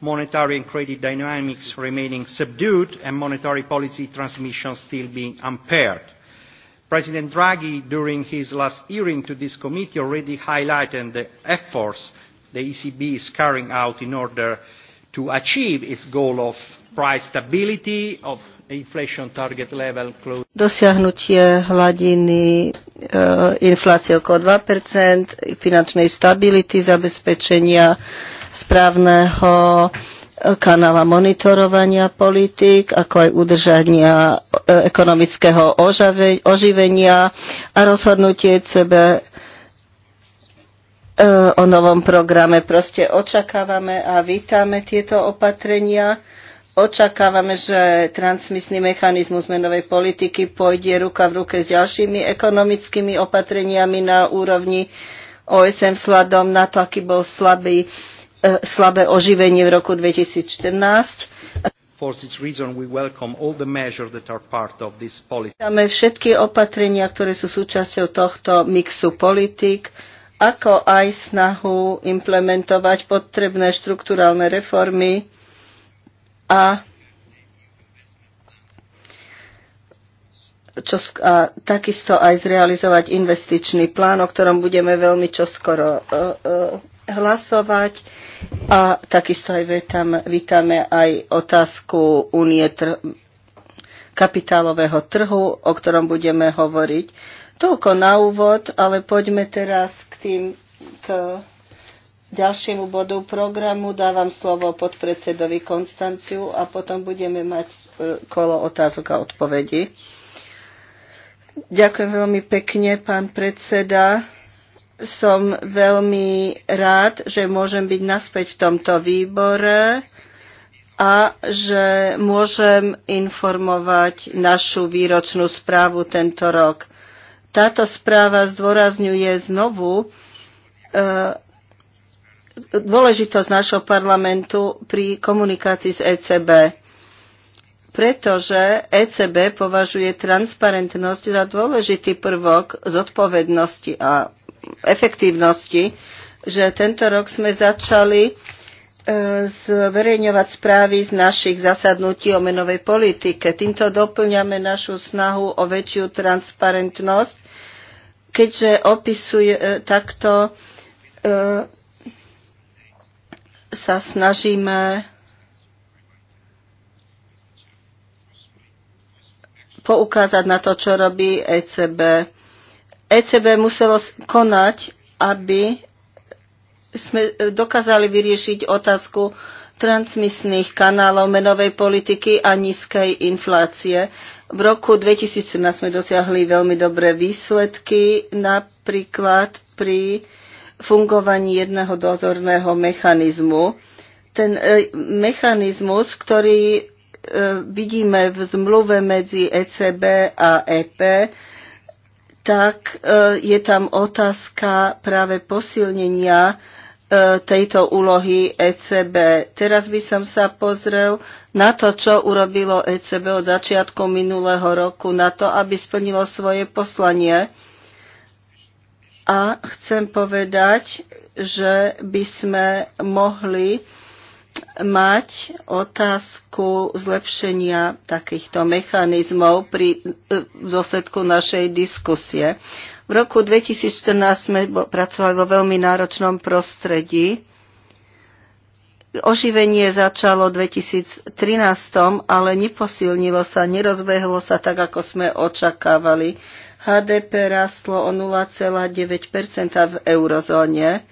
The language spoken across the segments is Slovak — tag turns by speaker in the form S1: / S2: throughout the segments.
S1: monetary and credit dynamics remaining subdued and monetary policy transmission still being impaired. President Draghi, during his last hearing to this committee, already highlighted the efforts the ECB is carrying out in order to achieve its goal of price stability, of inflation target level close.
S2: Dosiahnutie hladiny e, inflácie okolo 2%, finančnej stability, zabezpečenia správneho e, kanála monitorovania politik, ako aj udržania e, ekonomického oživenia a rozhodnutie CB e, o novom programe. Proste očakávame a vítame tieto opatrenia. Očakávame, že transmisný mechanizmus menovej politiky pôjde ruka v ruke s ďalšími ekonomickými opatreniami na úrovni OSM sladom na to, aký bol slabý E, slabé oživenie v roku 2014. Dáme všetky opatrenia, ktoré sú súčasťou tohto mixu politik, ako aj snahu implementovať potrebné štruktúralne reformy a čo, a takisto aj zrealizovať investičný plán, o ktorom budeme veľmi čoskoro uh, e, uh, e, hlasovať. A takisto aj vítam, vítame aj otázku únie tr- kapitálového trhu, o ktorom budeme hovoriť. Toľko na úvod, ale poďme teraz k tým k ďalšiemu bodu programu. Dávam slovo podpredsedovi Konstanciu a potom budeme mať e, kolo otázok a odpovedí. Ďakujem veľmi pekne, pán predseda som veľmi rád, že môžem byť naspäť v tomto výbore a že môžem informovať našu výročnú správu tento rok. Táto správa zdôrazňuje znovu eh, dôležitosť našho parlamentu pri komunikácii s ECB, pretože ECB považuje transparentnosť za dôležitý prvok zodpovednosti a efektívnosti, že tento rok sme začali e, zverejňovať správy z našich zasadnutí o menovej politike. Týmto doplňame našu snahu o väčšiu transparentnosť, keďže opisuje e, takto e, sa snažíme poukázať na to, čo robí ECB. ECB muselo konať, aby sme e, dokázali vyriešiť otázku transmisných kanálov menovej politiky a nízkej inflácie. V roku 2017 sme dosiahli veľmi dobré výsledky, napríklad pri fungovaní jedného dozorného mechanizmu. Ten e, mechanizmus, ktorý e, vidíme v zmluve medzi ECB a EP, tak e, je tam otázka práve posilnenia e, tejto úlohy ECB. Teraz by som sa pozrel na to, čo urobilo ECB od začiatku minulého roku, na to, aby splnilo svoje poslanie. A chcem povedať, že by sme mohli mať otázku zlepšenia takýchto mechanizmov pri e, dôsledku našej diskusie. V roku 2014 sme pracovali vo veľmi náročnom prostredí. Oživenie začalo v 2013, ale neposilnilo sa, nerozbehlo sa tak, ako sme očakávali. HDP rastlo o 0,9 v eurozóne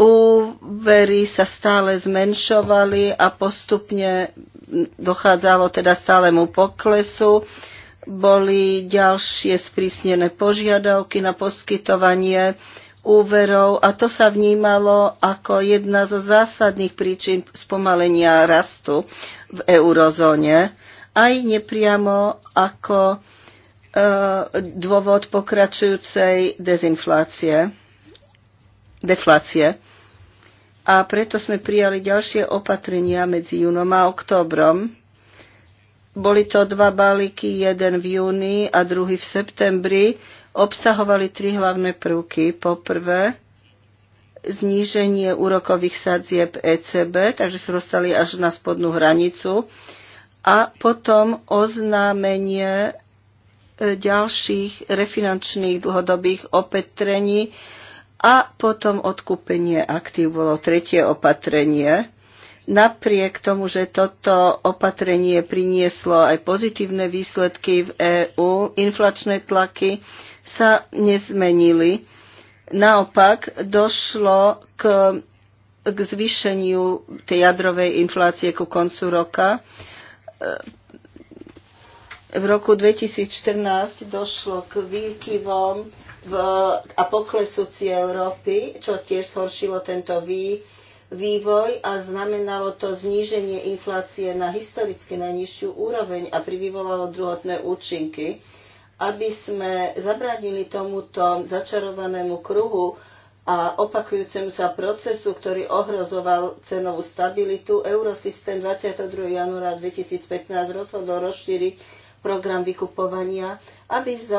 S2: úvery sa stále zmenšovali a postupne dochádzalo teda stálemu poklesu. Boli ďalšie sprísnené požiadavky na poskytovanie úverov a to sa vnímalo ako jedna zo zásadných príčin spomalenia rastu v eurozóne, aj nepriamo ako e, dôvod pokračujúcej dezinflácie, deflácie a preto sme prijali ďalšie opatrenia medzi júnom a októbrom. Boli to dva balíky, jeden v júni a druhý v septembri. Obsahovali tri hlavné prvky. Po prvé, zníženie úrokových sadzieb ECB, takže sa dostali až na spodnú hranicu. A potom oznámenie e, ďalších refinančných dlhodobých opetrení, a potom odkúpenie aktív bolo tretie opatrenie. Napriek tomu, že toto opatrenie prinieslo aj pozitívne výsledky v EÚ, inflačné tlaky sa nezmenili. Naopak došlo k, k zvýšeniu tej jadrovej inflácie ku koncu roka. E, v roku 2014 došlo k výkyvom v, a poklesu Európy, čo tiež zhoršilo tento vý, vývoj a znamenalo to zníženie inflácie na historicky najnižšiu úroveň a privyvolalo druhotné účinky. Aby sme zabránili tomuto začarovanému kruhu a opakujúcemu sa procesu, ktorý ohrozoval cenovú stabilitu, Eurosystém 22. januára 2015 rozhodol rozšíriť program vykupovania, aby e, e,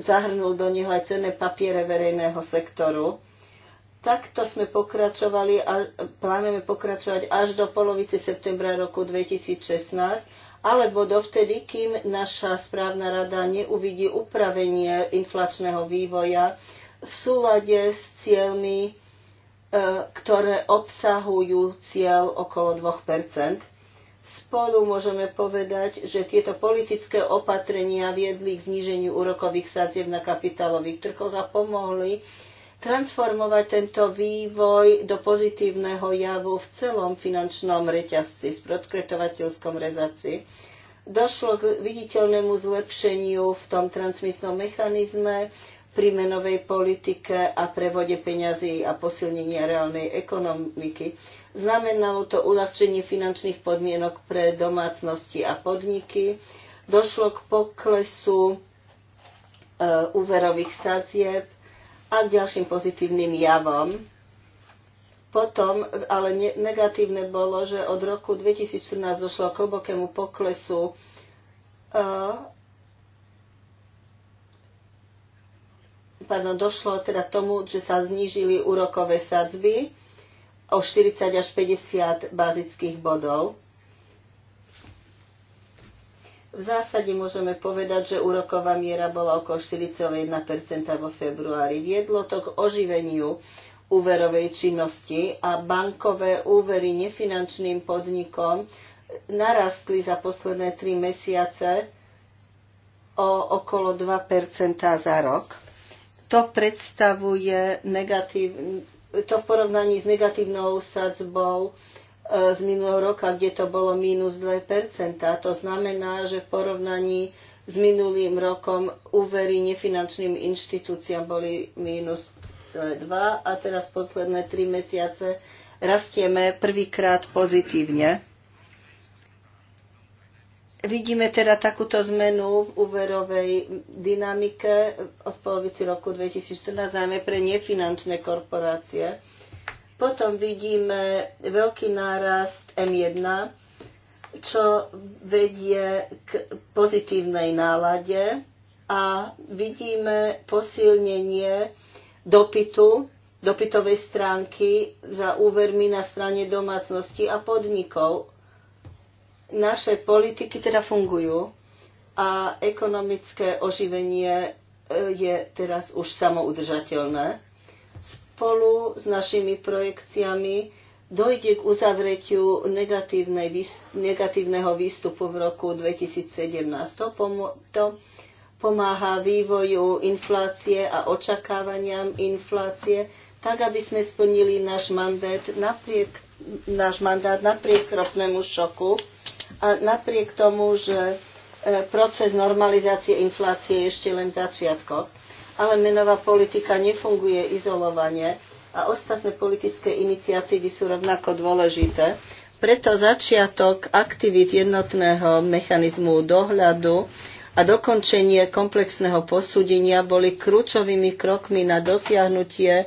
S2: zahrnul do neho aj cenné papiere verejného sektoru. Takto sme pokračovali a plánujeme pokračovať až do polovice septembra roku 2016, alebo dovtedy, kým naša správna rada neuvidí upravenie inflačného vývoja v súlade s cieľmi, e, ktoré obsahujú cieľ okolo 2 Spolu môžeme povedať, že tieto politické opatrenia viedli k zníženiu úrokových sadzieb na kapitálových trhoch a pomohli transformovať tento vývoj do pozitívneho javu v celom finančnom reťazci, sprodkretovateľskom rezaci. Došlo k viditeľnému zlepšeniu v tom transmisnom mechanizme, pri menovej politike a prevode peňazí a posilnenia reálnej ekonomiky. Znamenalo to uľahčenie finančných podmienok pre domácnosti a podniky. Došlo k poklesu e, úverových sadzieb a k ďalším pozitívnym javom. Potom, ale ne, negatívne bolo, že od roku 2014 došlo k hlbokému poklesu e, pardon, došlo teda k tomu, že sa znížili úrokové sadzby o 40 až 50 bazických bodov. V zásade môžeme povedať, že úroková miera bola okolo 4,1 vo februári. Viedlo to k oživeniu úverovej činnosti a bankové úvery nefinančným podnikom narastli za posledné 3 mesiace o okolo 2 za rok. To predstavuje negatív, to v porovnaní s negatívnou sadzbou e, z minulého roka, kde to bolo mínus 2%. To znamená, že v porovnaní s minulým rokom úvery nefinančným inštitúciám boli mínus 2 a teraz posledné 3 mesiace rastieme prvýkrát pozitívne. Vidíme teda takúto zmenu v úverovej dynamike od polovici roku 2014, najmä pre nefinančné korporácie. Potom vidíme veľký nárast M1, čo vedie k pozitívnej nálade a vidíme posilnenie dopytu, dopytovej stránky za úvermi na strane domácnosti a podnikov naše politiky teda fungujú a ekonomické oživenie e, je teraz už samoudržateľné. Spolu s našimi projekciami dojde k uzavretiu negatívneho výstupu v roku 2017. To, pomáha vývoju inflácie a očakávaniam inflácie, tak aby sme splnili náš mandát napriek, náš mandát napriek ropnému šoku a napriek tomu, že e, proces normalizácie inflácie je ešte len v začiatkoch, ale menová politika nefunguje izolovane a ostatné politické iniciatívy sú rovnako dôležité. Preto začiatok aktivít jednotného mechanizmu dohľadu a dokončenie komplexného posúdenia boli kľúčovými krokmi na dosiahnutie e,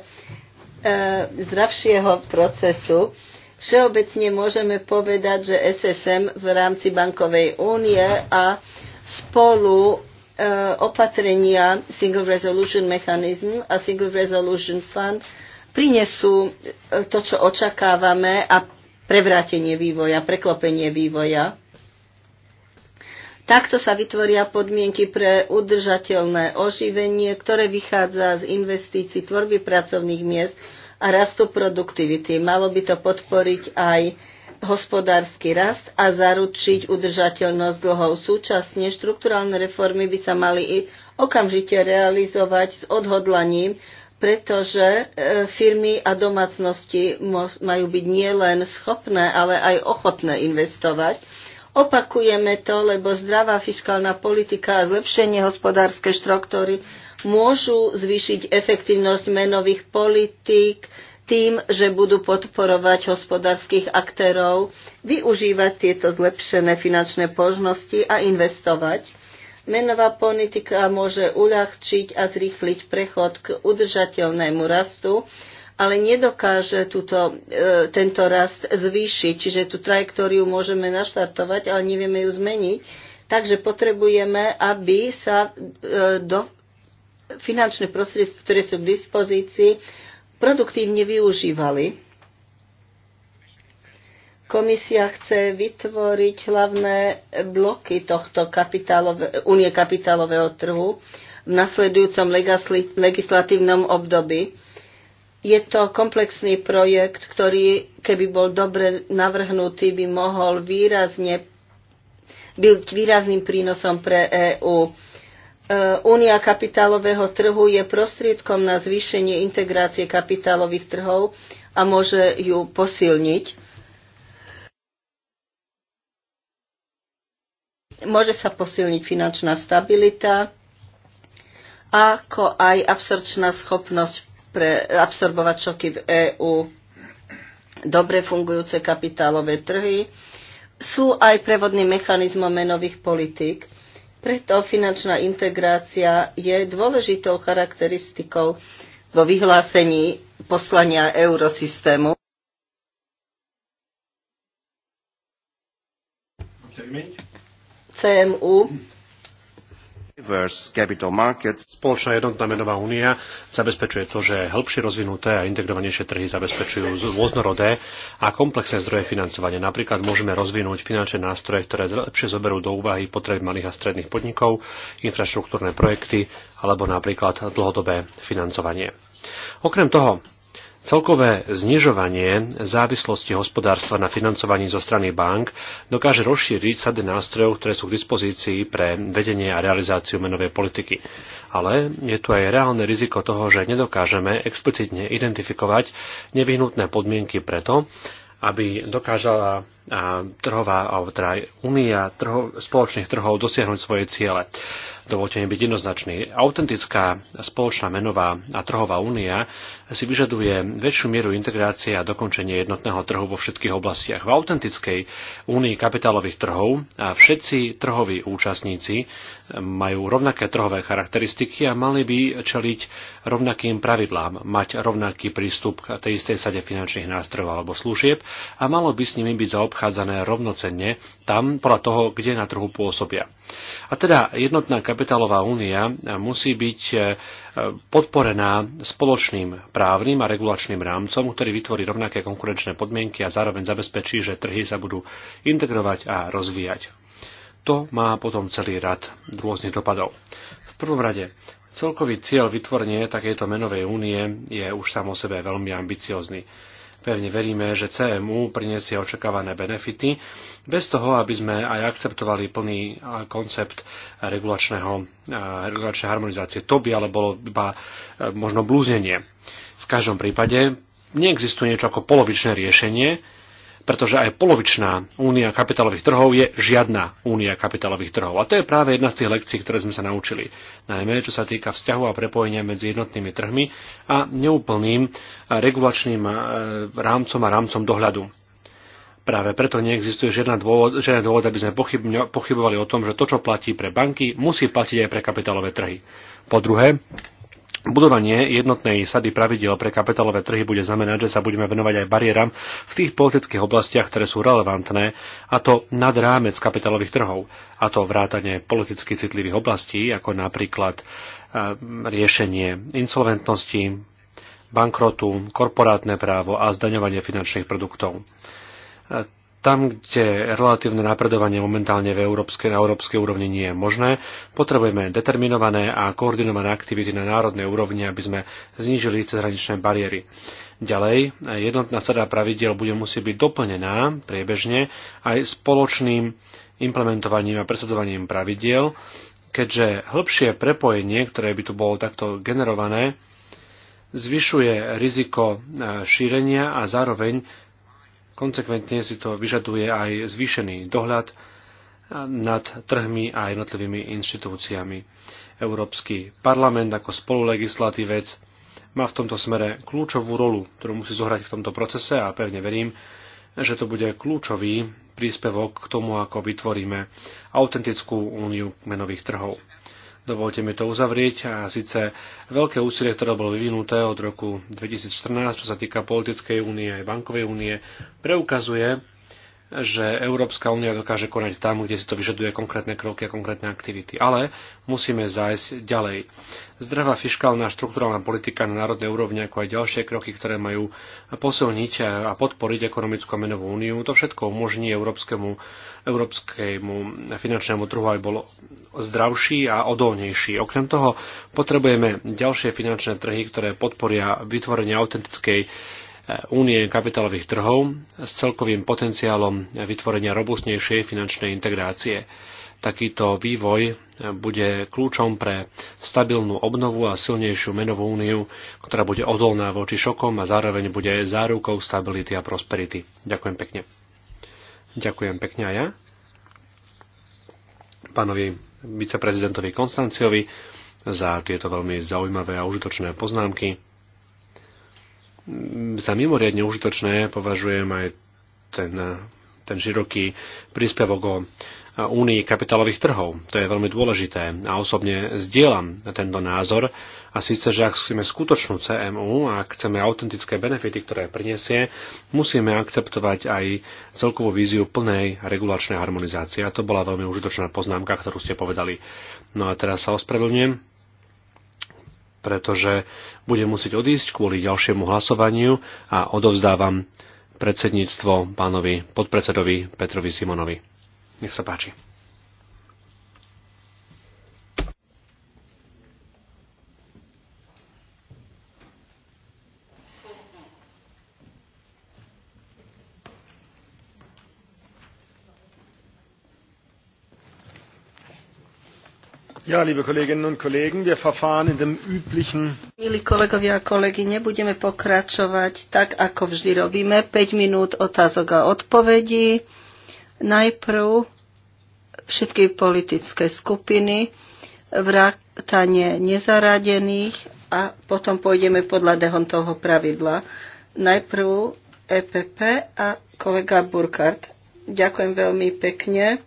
S2: zdravšieho procesu Všeobecne môžeme povedať, že SSM v rámci bankovej únie a spolu e, opatrenia Single Resolution Mechanism a Single Resolution Fund prinesú e, to, čo očakávame a prevrátenie vývoja, preklopenie vývoja. Takto sa vytvoria podmienky pre udržateľné oživenie, ktoré vychádza z investícií tvorby pracovných miest a rastu produktivity. Malo by to podporiť aj hospodársky rast a zaručiť udržateľnosť dlhov. Súčasne štruktúralne reformy by sa mali i okamžite realizovať s odhodlaním, pretože e, firmy a domácnosti majú byť nielen schopné, ale aj ochotné investovať. Opakujeme to, lebo zdravá fiskálna politika a zlepšenie hospodárskej štruktúry môžu zvýšiť efektívnosť menových politík tým, že budú podporovať hospodárskych aktérov, využívať tieto zlepšené finančné požnosti a investovať. Menová politika môže uľahčiť a zrýchliť prechod k udržateľnému rastu, ale nedokáže túto, e, tento rast zvýšiť. Čiže tú trajektóriu môžeme naštartovať, ale nevieme ju zmeniť. Takže potrebujeme, aby sa e, do, finančné prostriedky, ktoré sú k dispozícii, produktívne využívali. Komisia chce vytvoriť hlavné bloky tohto kapitálové, únie kapitálového trhu v nasledujúcom legislatívnom období. Je to komplexný projekt, ktorý, keby bol dobre navrhnutý, by mohol výrazne byť výrazným prínosom pre EÚ. E, únia kapitálového trhu je prostriedkom na zvýšenie integrácie kapitálových trhov a môže ju posilniť. Môže sa posilniť finančná stabilita, ako aj absorčná schopnosť pre absorbovať šoky v EÚ. Dobre fungujúce kapitálové trhy sú aj prevodným mechanizmom menových politík preto finančná integrácia je dôležitou charakteristikou vo vyhlásení poslania eurosystému. CMU
S3: Spoločná jednotná menová únia zabezpečuje to, že hĺbšie rozvinuté a integrovanejšie trhy zabezpečujú rôznorodé a komplexné zdroje financovania. Napríklad môžeme rozvinúť finančné nástroje, ktoré lepšie zoberú do úvahy potreby malých a stredných podnikov, infraštruktúrne projekty alebo napríklad dlhodobé financovanie. Okrem toho, Celkové znižovanie závislosti hospodárstva na financovaní zo strany bank dokáže rozšíriť sady nástrojov, ktoré sú k dispozícii pre vedenie a realizáciu menovej politiky. Ale je tu aj reálne riziko toho, že nedokážeme explicitne identifikovať nevyhnutné podmienky preto, aby dokázala trhová alebo teda únia trho, spoločných trhov dosiahnuť svoje ciele. Dovolte mi byť jednoznačný. Autentická spoločná menová a trhová únia si vyžaduje väčšiu mieru integrácie a dokončenie jednotného trhu vo všetkých oblastiach. V autentickej únii kapitálových trhov a všetci trhoví účastníci majú rovnaké trhové charakteristiky a mali by čeliť rovnakým pravidlám, mať rovnaký prístup k tej istej sade finančných nástrojov alebo služieb a malo by s nimi byť zaobchádzané obchádzané rovnocenne tam podľa toho, kde na trhu pôsobia. A teda jednotná kapitálová únia musí byť e, podporená spoločným právnym a regulačným rámcom, ktorý vytvorí rovnaké konkurenčné podmienky a zároveň zabezpečí, že trhy sa budú integrovať a rozvíjať. To má potom celý rad rôznych dopadov. V prvom rade Celkový cieľ vytvorenie takejto menovej únie je už sám o sebe veľmi ambiciozný. Pevne veríme, že CMU prinesie očakávané benefity, bez toho, aby sme aj akceptovali plný koncept regulačného, regulačnej harmonizácie. To by ale bolo iba e, možno blúznenie. V každom prípade neexistuje niečo ako polovičné riešenie, pretože aj polovičná únia kapitálových trhov je žiadna únia kapitálových trhov. A to je práve jedna z tých lekcií, ktoré sme sa naučili. Najmä čo sa týka vzťahu a prepojenia medzi jednotnými trhmi a neúplným regulačným e, rámcom a rámcom dohľadu. Práve preto neexistuje žiadna dôvod, žiadna dôvod, aby sme pochybovali o tom, že to, čo platí pre banky, musí platiť aj pre kapitálové trhy. Po druhé, Budovanie jednotnej sady pravidel pre kapitálové trhy bude znamenať, že sa budeme venovať aj bariéram v tých politických oblastiach, ktoré sú relevantné, a to nad rámec kapitálových trhov, a to vrátanie politicky citlivých oblastí, ako napríklad eh, riešenie insolventnosti, bankrotu, korporátne právo a zdaňovanie finančných produktov eh, tam, kde relatívne napredovanie momentálne v európskej, na európskej úrovni nie je možné, potrebujeme determinované a koordinované aktivity na národnej úrovni, aby sme znížili cezhraničné bariéry. Ďalej, jednotná sada pravidiel bude musieť byť doplnená priebežne aj spoločným implementovaním a presadzovaním pravidiel, keďže hĺbšie prepojenie, ktoré by tu bolo takto generované, zvyšuje riziko e, šírenia a zároveň Konsekventne si to vyžaduje aj zvýšený dohľad nad trhmi a jednotlivými inštitúciami. Európsky parlament ako spolulegislatívec má v tomto smere kľúčovú rolu, ktorú musí zohrať v tomto procese a pevne verím, že to bude kľúčový príspevok k tomu, ako vytvoríme autentickú úniu menových trhov. Dovolte mi to uzavrieť a síce veľké úsilie, ktoré bolo vyvinuté od roku 2014, čo sa týka politickej únie aj bankovej únie, preukazuje, že Európska únia dokáže konať tam, kde si to vyžaduje konkrétne kroky a konkrétne aktivity. Ale musíme zájsť ďalej. Zdravá fiskálna a štruktúrálna politika na národnej úrovni, ako aj ďalšie kroky, ktoré majú posilniť a podporiť ekonomickú a menovú úniu, to všetko umožní európskemu, európskemu finančnému trhu aj bolo zdravší a odolnejší. Okrem toho potrebujeme ďalšie finančné trhy, ktoré podporia vytvorenie autentickej únie kapitálových trhov s celkovým potenciálom vytvorenia robustnejšej finančnej integrácie. Takýto vývoj bude kľúčom pre stabilnú obnovu a silnejšiu menovú úniu, ktorá bude odolná voči šokom a zároveň bude zárukou stability a prosperity. Ďakujem pekne. Ďakujem pekne a ja pánovi viceprezidentovi Konstanciovi za tieto veľmi zaujímavé a užitočné poznámky za mimoriadne užitočné považujem aj ten, ten široký príspevok o únii kapitálových trhov. To je veľmi dôležité a osobne zdieľam tento názor a síce, že ak chceme skutočnú CMU a ak chceme autentické benefity, ktoré prinesie, musíme akceptovať aj celkovú víziu plnej regulačnej harmonizácie. A to bola veľmi užitočná poznámka, ktorú ste povedali. No a teraz sa ospravedlňujem pretože budem musieť odísť kvôli ďalšiemu hlasovaniu a odovzdávam predsedníctvo pánovi podpredsedovi Petrovi Simonovi. Nech sa páči.
S1: Ja, liebe Kolleginnen und Kollegen, wir verfahren in dem üblichen...
S2: Milí kolegovia a kolegy, nebudeme pokračovať tak, ako vždy robíme. 5 minút otázok a odpovedí. Najprv všetky politické skupiny, vrátanie nezaradených a potom pôjdeme podľa Dehontovho pravidla. Najprv EPP a kolega Burkhardt. Ďakujem veľmi pekne.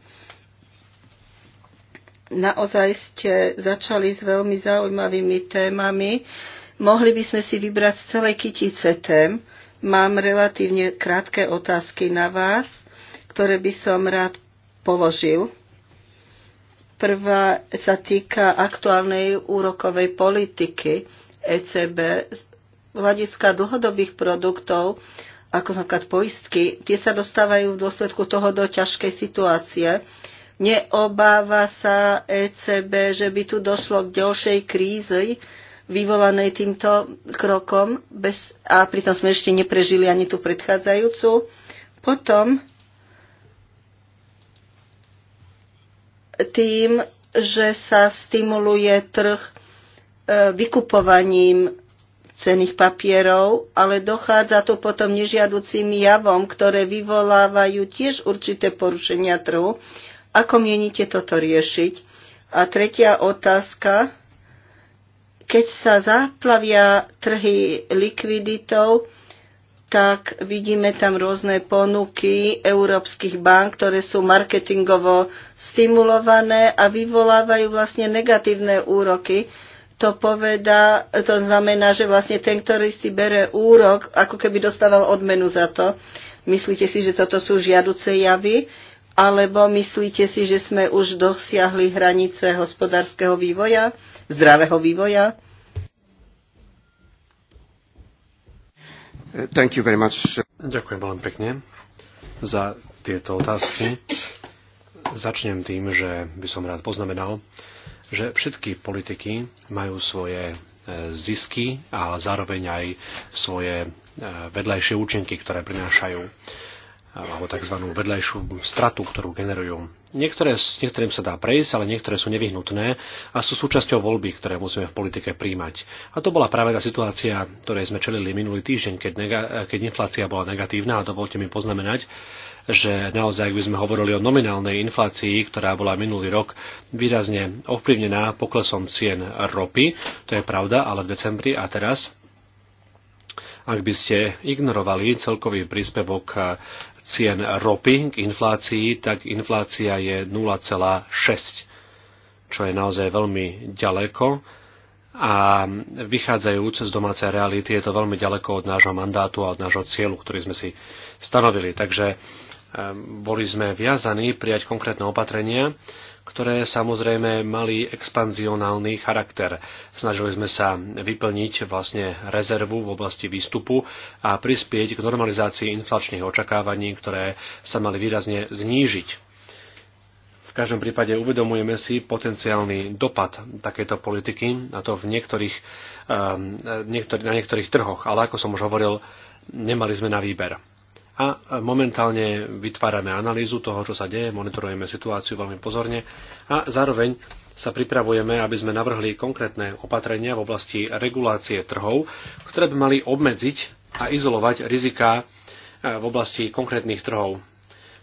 S2: Naozaj ste začali s veľmi zaujímavými témami. Mohli by sme si vybrať z celej kytice tém. Mám relatívne krátke otázky na vás, ktoré by som rád položil. Prvá sa týka aktuálnej úrokovej politiky ECB z hľadiska dlhodobých produktov, ako napríklad poistky, tie sa dostávajú v dôsledku toho do ťažkej situácie. Neobáva sa ECB, že by tu došlo k ďalšej krízi vyvolanej týmto krokom bez, a pritom sme ešte neprežili ani tú predchádzajúcu. Potom tým, že sa stimuluje trh e, vykupovaním cených papierov, ale dochádza tu potom nežiaducím javom, ktoré vyvolávajú tiež určité porušenia trhu. Ako mienite toto riešiť? A tretia otázka. Keď sa zaplavia trhy likviditou, tak vidíme tam rôzne ponuky európskych bank, ktoré sú marketingovo stimulované a vyvolávajú vlastne negatívne úroky. To poveda, to znamená, že vlastne ten, ktorý si bere úrok, ako keby dostával odmenu za to. Myslíte si, že toto sú žiaduce javy? Alebo myslíte si, že sme už dosiahli hranice hospodárskeho vývoja, zdravého vývoja?
S3: Thank you very much. Ďakujem veľmi pekne za tieto otázky. Začnem tým, že by som rád poznamenal, že všetky politiky majú svoje e, zisky a zároveň aj svoje e, vedľajšie účinky, ktoré prinášajú alebo tzv. vedľajšiu stratu, ktorú generujú. Niektoré, niektorým sa dá prejsť, ale niektoré sú nevyhnutné a sú súčasťou voľby, ktoré musíme v politike príjmať. A to bola práve tá situácia, ktorej sme čelili minulý týždeň, keď, nega- keď inflácia bola negatívna a dovolte mi poznamenať, že naozaj, ak by sme hovorili o nominálnej inflácii, ktorá bola minulý rok výrazne ovplyvnená poklesom cien ropy, to je pravda, ale v decembri a teraz ak by ste ignorovali celkový príspevok eh, cien ropy k inflácii, tak inflácia je 0,6, čo je naozaj veľmi ďaleko a vychádzajúc z domácej reality je to veľmi ďaleko od nášho mandátu a od nášho cieľu, ktorý sme si stanovili. Takže eh, boli sme viazaní prijať konkrétne opatrenia, ktoré samozrejme mali expanzionálny charakter. Snažili sme sa vyplniť vlastne rezervu v oblasti výstupu a prispieť k normalizácii inflačných očakávaní, ktoré sa mali výrazne znížiť. V každom prípade uvedomujeme si potenciálny dopad takéto politiky, a to v niektorých, ehm, na niektorých trhoch, ale ako som už hovoril, nemali sme na výber a momentálne vytvárame analýzu toho, čo sa deje, monitorujeme situáciu veľmi pozorne a zároveň sa pripravujeme, aby sme navrhli konkrétne opatrenia v oblasti regulácie trhov, ktoré by mali obmedziť a izolovať riziká e, v oblasti konkrétnych trhov.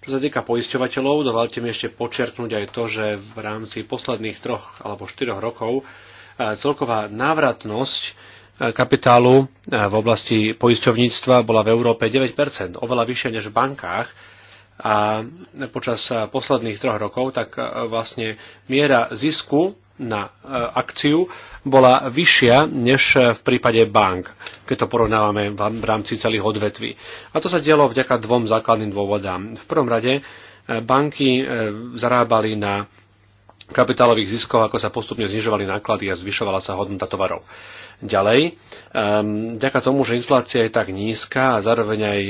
S3: Čo sa týka poisťovateľov, dovolte mi ešte počerknúť aj to, že v rámci posledných troch alebo štyroch rokov e, celková návratnosť kapitálu eh, v oblasti poisťovníctva bola v Európe 9%, oveľa vyššie než v bankách. A počas eh, posledných troch rokov tak eh, vlastne miera zisku na akciu bola vyššia než v prípade bank, keď to porovnávame v rámci celých odvetví. A to sa dialo vďaka dvom základným dôvodám. V prvom rade banky zarábali na kapitálových ziskov, ako sa postupne znižovali náklady a zvyšovala sa hodnota tovarov. Ďalej, um, ehm, ďaka tomu, že inflácia je tak nízka a zároveň aj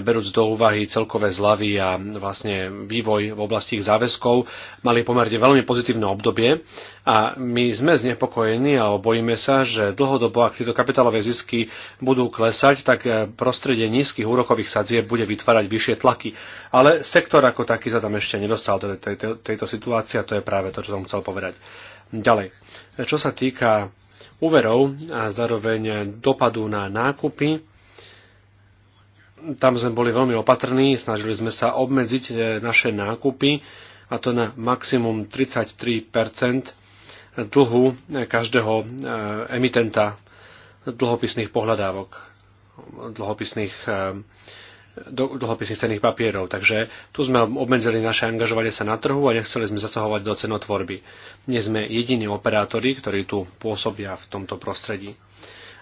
S3: berúc do úvahy celkové zlavy a vlastne vývoj v oblasti ich záväzkov, mali pomerne veľmi pozitívne obdobie a my sme znepokojení a bojíme sa, že dlhodobo, ak tieto kapitálové zisky budú klesať, tak eh, prostredie nízkych úrokových sadzieb bude vytvárať vyššie tlaky. Ale sektor ako taký sa tam ešte nedostal do tejto, tejto situácie a to je práve to, čo som chcel povedať. Ďalej, čo sa týka úverov a zároveň dopadu na nákupy. Tam sme boli veľmi opatrní, snažili sme sa obmedziť e, naše nákupy a to na maximum 33 dlhu e, každého e, emitenta dlhopisných pohľadávok, dlhopisných dlhopisy cených papierov. Takže tu sme obmedzili naše angažovanie sa na trhu a nechceli sme zasahovať do cenotvorby. Nie sme jediní operátori, ktorí tu pôsobia v tomto prostredí.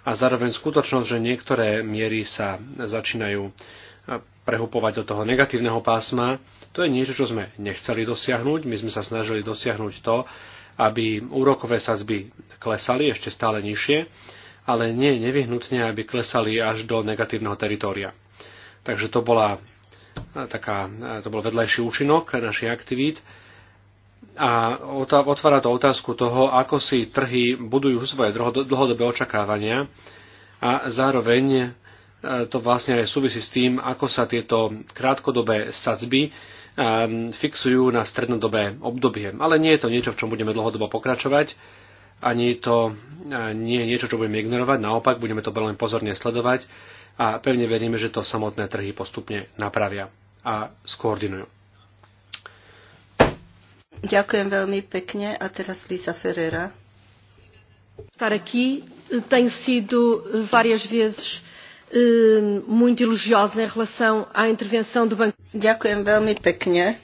S3: A zároveň skutočnosť, že niektoré miery sa začínajú prehupovať do toho negatívneho pásma, to je niečo, čo sme nechceli dosiahnuť. My sme sa snažili dosiahnuť to, aby úrokové sazby klesali ešte stále nižšie, ale nie nevyhnutne, aby klesali až do negatívneho teritória. Takže to, bola e, taká, e, to bol vedľajší účinok našich aktivít. A otvára to otázku toho, ako si trhy budujú svoje dlhodobé očakávania a zároveň e, to vlastne aj súvisí s tým, ako sa tieto krátkodobé sadzby fixujú na strednodobé obdobie. Ale nie je to niečo, v čom budeme dlhodobo pokračovať, ani to nie je niečo, čo budeme ignorovať, naopak budeme to veľmi pozorne sledovať a pevne veríme, že to samotné trhy postupne napravia a skoordinujú.
S2: Ďakujem veľmi pekne a teraz Lisa Ferreira. Estar aqui, eh, tem sido eh, várias vezes eh, muito elogiosa em relação à intervenção do Banco. Ďakujem veľmi pekne.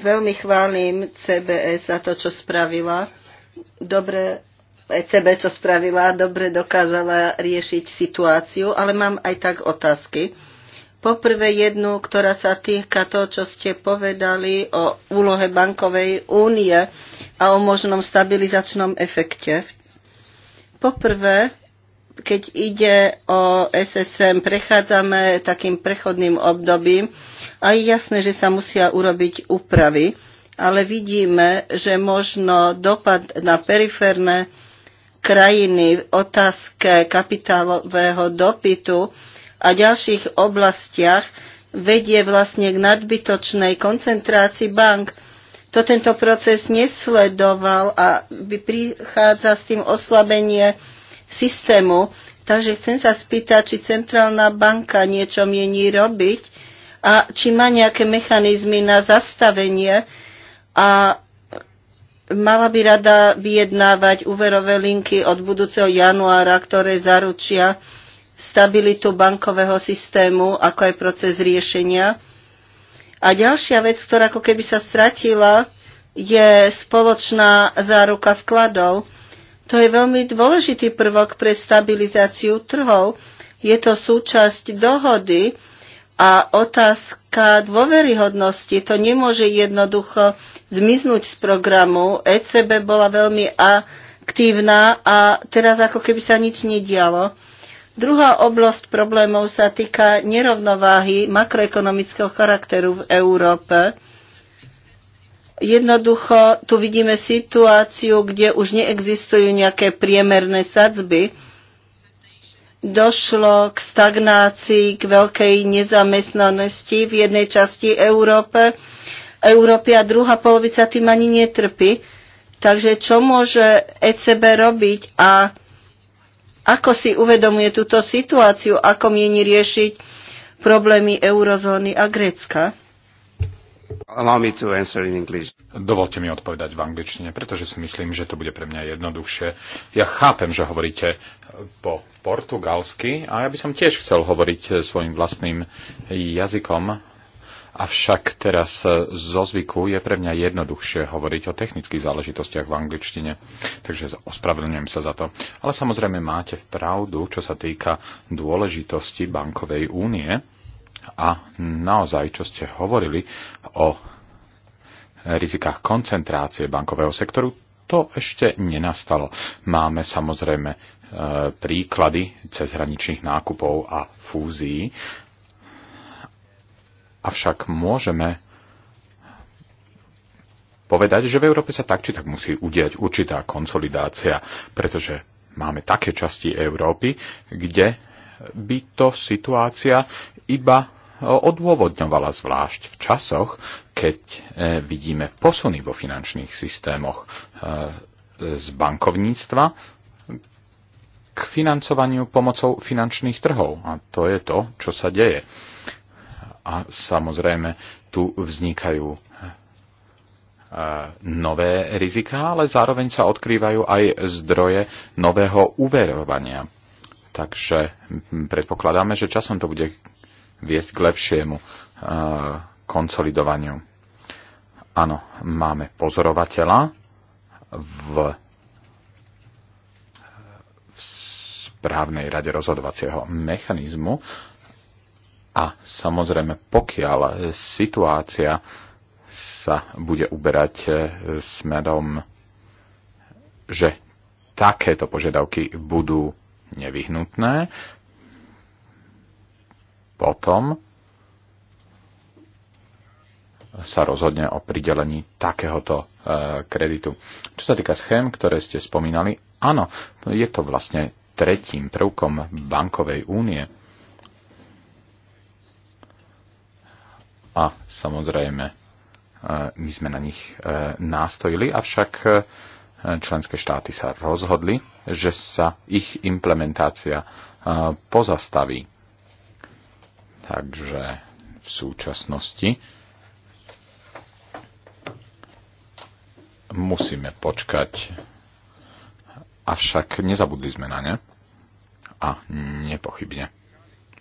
S2: Veľmi chválim CBS za to, čo spravila. Dobre ECB, čo spravila, dobre dokázala riešiť situáciu, ale mám aj tak otázky. Poprvé jednu, ktorá sa týka toho, čo ste povedali o úlohe bankovej únie a o možnom stabilizačnom efekte. Poprvé, keď ide o SSM, prechádzame takým prechodným obdobím a je jasné, že sa musia urobiť úpravy, ale vidíme, že možno dopad na periférne krajiny v otázke kapitálového dopytu a ďalších oblastiach vedie vlastne k nadbytočnej koncentrácii bank. To tento proces nesledoval a prichádza s tým oslabenie systému. Takže chcem sa spýtať, či centrálna banka niečo mení robiť a či má nejaké mechanizmy na zastavenie a Mala by rada vyjednávať úverové linky od budúceho januára, ktoré zaručia stabilitu bankového systému, ako aj proces riešenia. A ďalšia vec, ktorá ako keby sa stratila, je spoločná záruka vkladov. To je veľmi dôležitý prvok pre stabilizáciu trhov. Je to súčasť dohody, a otázka dôveryhodnosti, to nemôže jednoducho zmiznúť z programu. ECB bola veľmi aktívna a teraz ako keby sa nič nedialo. Druhá oblasť problémov sa týka nerovnováhy makroekonomického charakteru v Európe. Jednoducho tu vidíme situáciu, kde už neexistujú nejaké priemerné sadzby, došlo k stagnácii, k veľkej nezamestnanosti v jednej časti Európe, Európy a druhá polovica tým ani netrpí. Takže čo môže ECB robiť a ako si uvedomuje túto situáciu, ako mieni riešiť problémy eurozóny a Grécka?
S4: Dovolte mi odpovedať v angličtine, pretože si myslím, že to bude pre mňa jednoduchšie. Ja chápem, že hovoríte po portugalsky a ja by som tiež chcel hovoriť svojim vlastným jazykom, avšak teraz zo zvyku je pre mňa jednoduchšie hovoriť o technických záležitostiach v angličtine, takže ospravedlňujem sa za to. Ale samozrejme máte v pravdu, čo sa týka dôležitosti bankovej únie, a naozaj, čo ste hovorili o rizikách koncentrácie bankového sektoru, to ešte nenastalo. Máme samozrejme e, príklady cezhraničných nákupov a fúzií, avšak môžeme povedať, že v Európe sa tak či tak musí udiať určitá konsolidácia, pretože máme také časti Európy, kde by to situácia iba odôvodňovala zvlášť v časoch, keď e, vidíme posuny vo finančných systémoch e, z bankovníctva k financovaniu pomocou finančných trhov. A to je to, čo sa deje. A samozrejme, tu vznikajú e, nové riziká, ale zároveň sa odkrývajú aj zdroje nového uverovania. Takže predpokladáme, že časom to bude viesť k lepšiemu eh, konsolidovaniu. Áno, máme pozorovateľa v, v správnej rade rozhodovacieho mechanizmu a samozrejme, pokiaľ situácia sa bude uberať eh, smerom, že takéto požiadavky budú nevyhnutné, potom sa rozhodne o pridelení takéhoto e, kreditu. Čo sa týka schém, ktoré ste spomínali, áno, je to vlastne tretím prvkom bankovej únie. A samozrejme, e, my sme na nich e, nástojili, avšak členské štáty sa rozhodli, že sa ich implementácia pozastaví. Takže v súčasnosti musíme počkať, avšak nezabudli sme na ne a nepochybne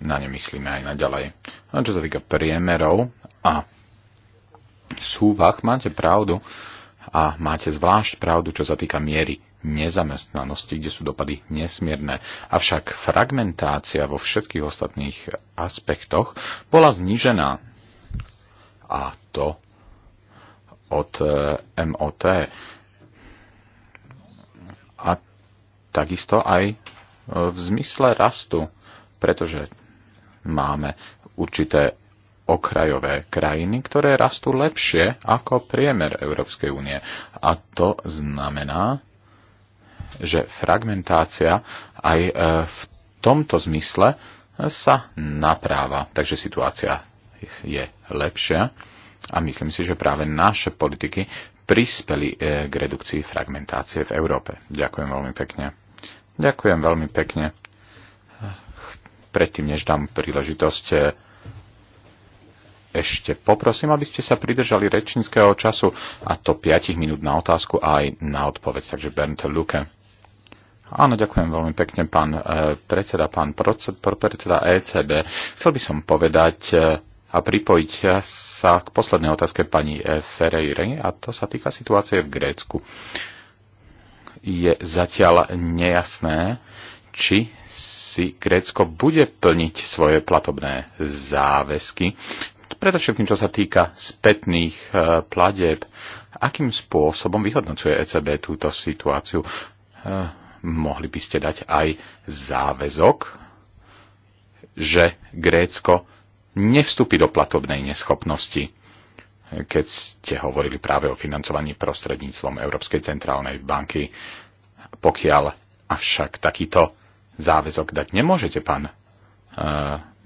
S4: na ne myslíme aj naďalej. A čo sa týka priemerov a súvah, máte pravdu, a máte zvlášť pravdu, čo sa týka miery nezamestnanosti, kde sú dopady nesmierne. Avšak fragmentácia vo všetkých ostatných aspektoch bola znížená. A to od e, MOT. A takisto aj e, v zmysle rastu, pretože máme určité okrajové krajiny, ktoré rastú lepšie ako priemer Európskej únie. A to znamená, že fragmentácia aj e, v tomto zmysle sa napráva. Takže situácia je lepšia a myslím si, že práve naše politiky prispeli e, k redukcii fragmentácie v Európe. Ďakujem veľmi pekne. Ďakujem veľmi pekne. Predtým, než dám príležitosť e, ešte poprosím, aby ste sa pridržali rečníckého času a to 5 minút na otázku a aj na odpoveď. Takže Bernd Luke. Áno, ďakujem veľmi pekne, pán eh, predseda, pán predseda ECB. Chcel by som povedať eh, a pripojiť sa k poslednej otázke pani eh, Ferreire a to sa týka situácie v Grécku. Je zatiaľ nejasné, či si Grécko bude plniť svoje platobné záväzky, Predovšetkým, čo sa týka spätných e, pladeb, akým spôsobom vyhodnocuje ECB túto situáciu? E, mohli by ste dať aj záväzok, že Grécko nevstúpi do platobnej neschopnosti, keď ste hovorili práve o financovaní prostredníctvom Európskej centrálnej banky. Pokiaľ avšak takýto záväzok dať nemôžete, pán uh,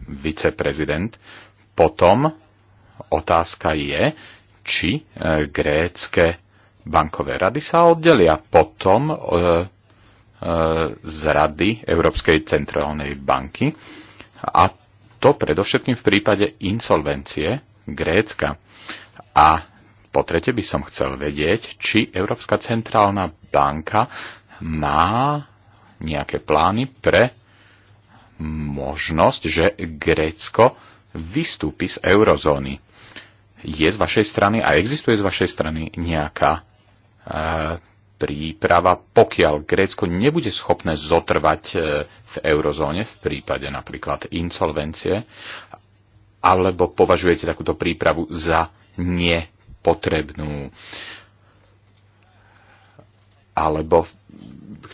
S4: viceprezident, potom Otázka je, či e, grécké bankové rady sa oddelia potom e, e, z rady Európskej centrálnej banky a to predovšetkým v prípade insolvencie Grécka. A po tretie by som chcel vedieť, či Európska centrálna banka má nejaké plány pre možnosť, že Grécko vystúpi z eurozóny je z vašej strany a existuje z vašej strany nejaká e, príprava, pokiaľ Grécko nebude schopné zotrvať e, v eurozóne v prípade napríklad insolvencie, alebo považujete takúto prípravu za nepotrebnú? Alebo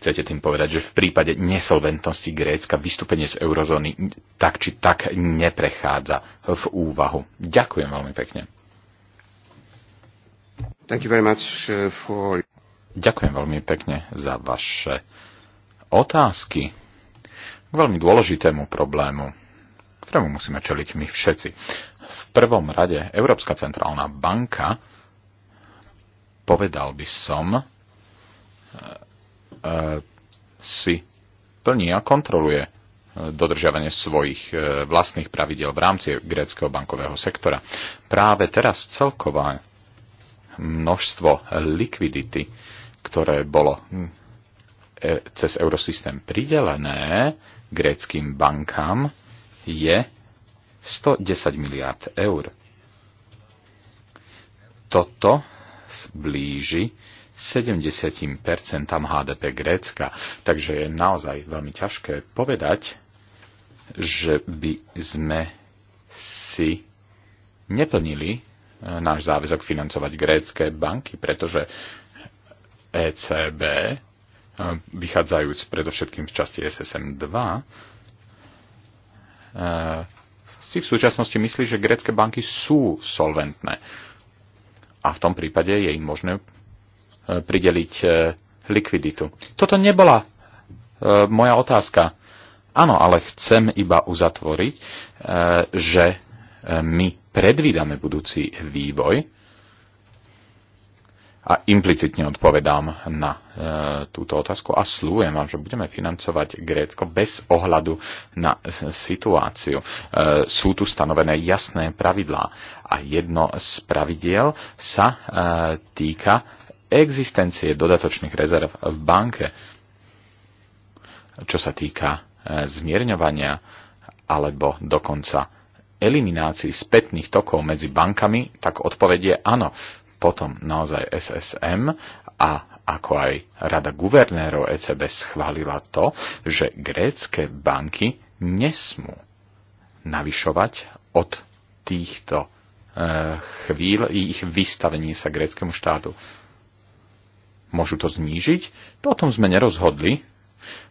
S4: chcete tým povedať, že v prípade nesolventnosti Grécka vystúpenie z eurozóny tak či tak neprechádza v úvahu. Ďakujem veľmi pekne. Uh, for... Ďakujem veľmi pekne za vaše otázky k veľmi dôležitému problému, ktorému musíme čeliť my všetci. V prvom rade Európska centrálna banka, povedal by som, e, e si plní a kontroluje e, dodržiavanie svojich e, vlastných pravidel v rámci gréckého bankového sektora. Práve teraz celková množstvo likvidity, ktoré bolo hm, e, cez eurosystém pridelené gréckým bankám, je 110 miliard eur. Toto blíži 70% HDP Grécka, takže je naozaj veľmi ťažké povedať, že by sme si neplnili náš záväzok financovať grécké banky, pretože ECB, eh, vychádzajúc predovšetkým z časti SSM2, eh, si v súčasnosti myslí, že grécké banky sú solventné. A v tom prípade je im možné eh, prideliť likviditu. Toto nebola moja otázka. Áno, ale chcem iba uzatvoriť, že my predvídame budúci vývoj a implicitne odpovedám na e, túto otázku a slújem vám, že budeme financovať Grécko bez ohľadu na situáciu. E, sú tu stanovené jasné pravidlá a jedno z pravidiel sa e, týka existencie dodatočných rezerv v banke, čo sa týka e, zmierňovania alebo dokonca eliminácii spätných tokov medzi bankami, tak odpovedie áno. Potom naozaj SSM a ako aj Rada guvernérov ECB schválila to, že grécké banky nesmú navyšovať od týchto eh, chvíľ ich vystavenie sa gréckému štátu. Môžu to znížiť? To o tom sme nerozhodli.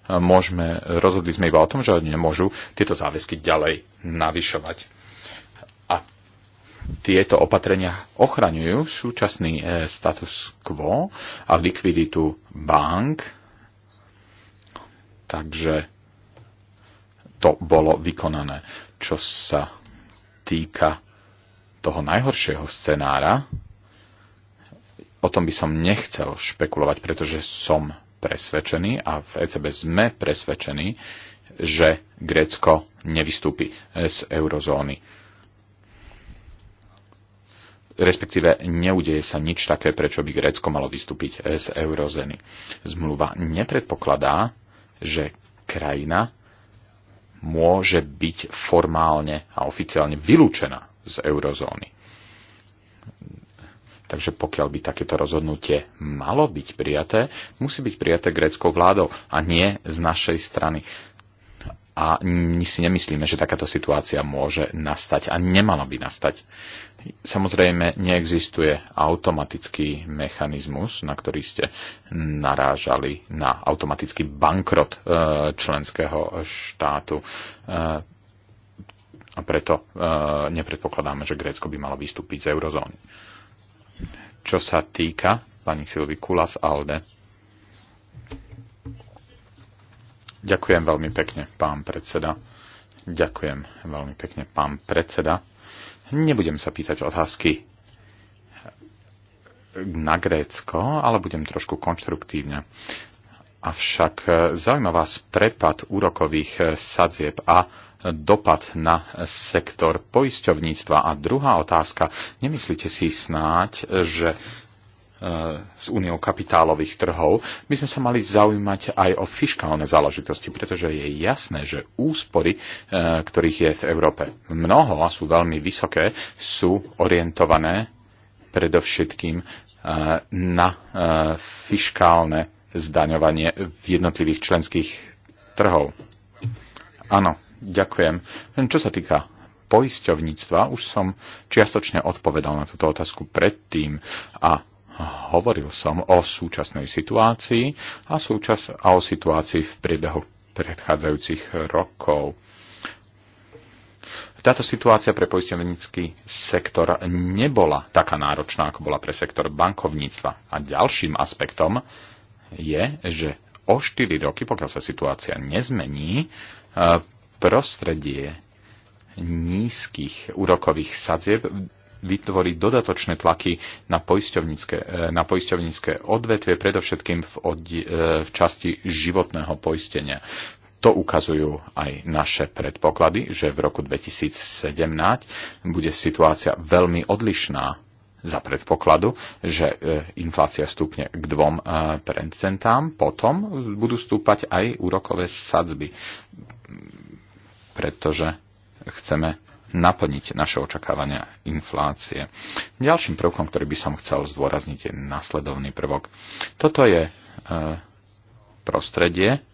S4: Môžeme, rozhodli sme iba o tom, že nemôžu tieto záväzky ďalej navyšovať tieto opatrenia ochraňujú súčasný e, status quo a likviditu bank. Takže to bolo vykonané. Čo sa týka toho najhoršieho scenára, o tom by som nechcel špekulovať, pretože som presvedčený a v ECB sme presvedčení, že Grécko nevystúpi z eurozóny respektíve neudeje sa nič také, prečo by Grécko malo vystúpiť eh, z eurozeny. Zmluva nepredpokladá, že krajina môže byť formálne a oficiálne vylúčená z eurozóny. Takže pokiaľ by takéto rozhodnutie malo byť prijaté, musí byť prijaté gréckou vládou a nie z našej strany a my si nemyslíme, že takáto situácia môže nastať a nemala by nastať. Samozrejme, neexistuje automatický mechanizmus, na ktorý ste narážali na automatický bankrot e, členského štátu. E, a preto e, nepredpokladáme, že Grécko by malo vystúpiť z eurozóny. Čo sa týka pani Silvi Kulas Alde, Ďakujem veľmi pekne, pán predseda. Ďakujem veľmi pekne, pán predseda. Nebudem sa pýtať otázky na Grécko, ale budem trošku konštruktívne. Avšak zaujíma vás prepad úrokových sadzieb a dopad na sektor poisťovníctva. A druhá otázka, nemyslíte si snáď, že s e, úniou kapitálových trhov, by sme sa mali zaujímať aj o fiskálne záležitosti, pretože je jasné, že úspory, e, ktorých je v Európe mnoho a sú veľmi vysoké, sú orientované predovšetkým e, na fiskálne zdaňovanie v jednotlivých členských trhov. Áno, ďakujem. Čo sa týka poisťovníctva, už som čiastočne odpovedal na túto otázku predtým a Hovoril som o súčasnej situácii a, súčas, a o situácii v priebehu predchádzajúcich rokov. Táto situácia pre poisťovnícky sektor nebola taká náročná, ako bola pre sektor bankovníctva. A ďalším aspektom je, že o 4 roky, pokiaľ sa situácia nezmení, e, prostredie nízkych úrokových sadzieb vytvoriť dodatočné tlaky na poisťovnícke, e, na poisťovnícke odvetvie, predovšetkým v, oddi, e, v časti životného poistenia. To ukazujú aj naše predpoklady, že v roku 2017 bude situácia veľmi odlišná za predpokladu, že e, inflácia stúpne k 2 percentám, potom budú stúpať aj úrokové sadzby, pretože chceme naplniť naše očakávania inflácie. Ďalším prvkom, ktorý by som chcel zdôrazniť, je nasledovný prvok. Toto je e, prostredie,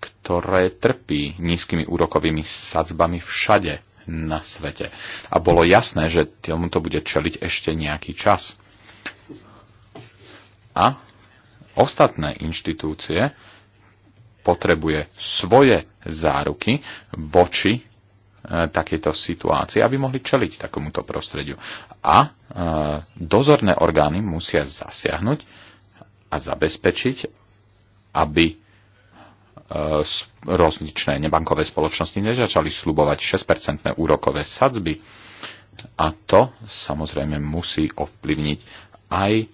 S4: ktoré trpí nízkymi úrokovými sadzbami všade na svete. A bolo jasné, že to bude čeliť ešte nejaký čas. A ostatné inštitúcie potrebuje svoje záruky voči takéto situácie, aby mohli čeliť takomuto prostrediu. A e, dozorné orgány musia zasiahnuť a zabezpečiť, aby e, rozličné nebankové spoločnosti nezačali slubovať 6-percentné úrokové sadzby. A to samozrejme musí ovplyvniť aj e,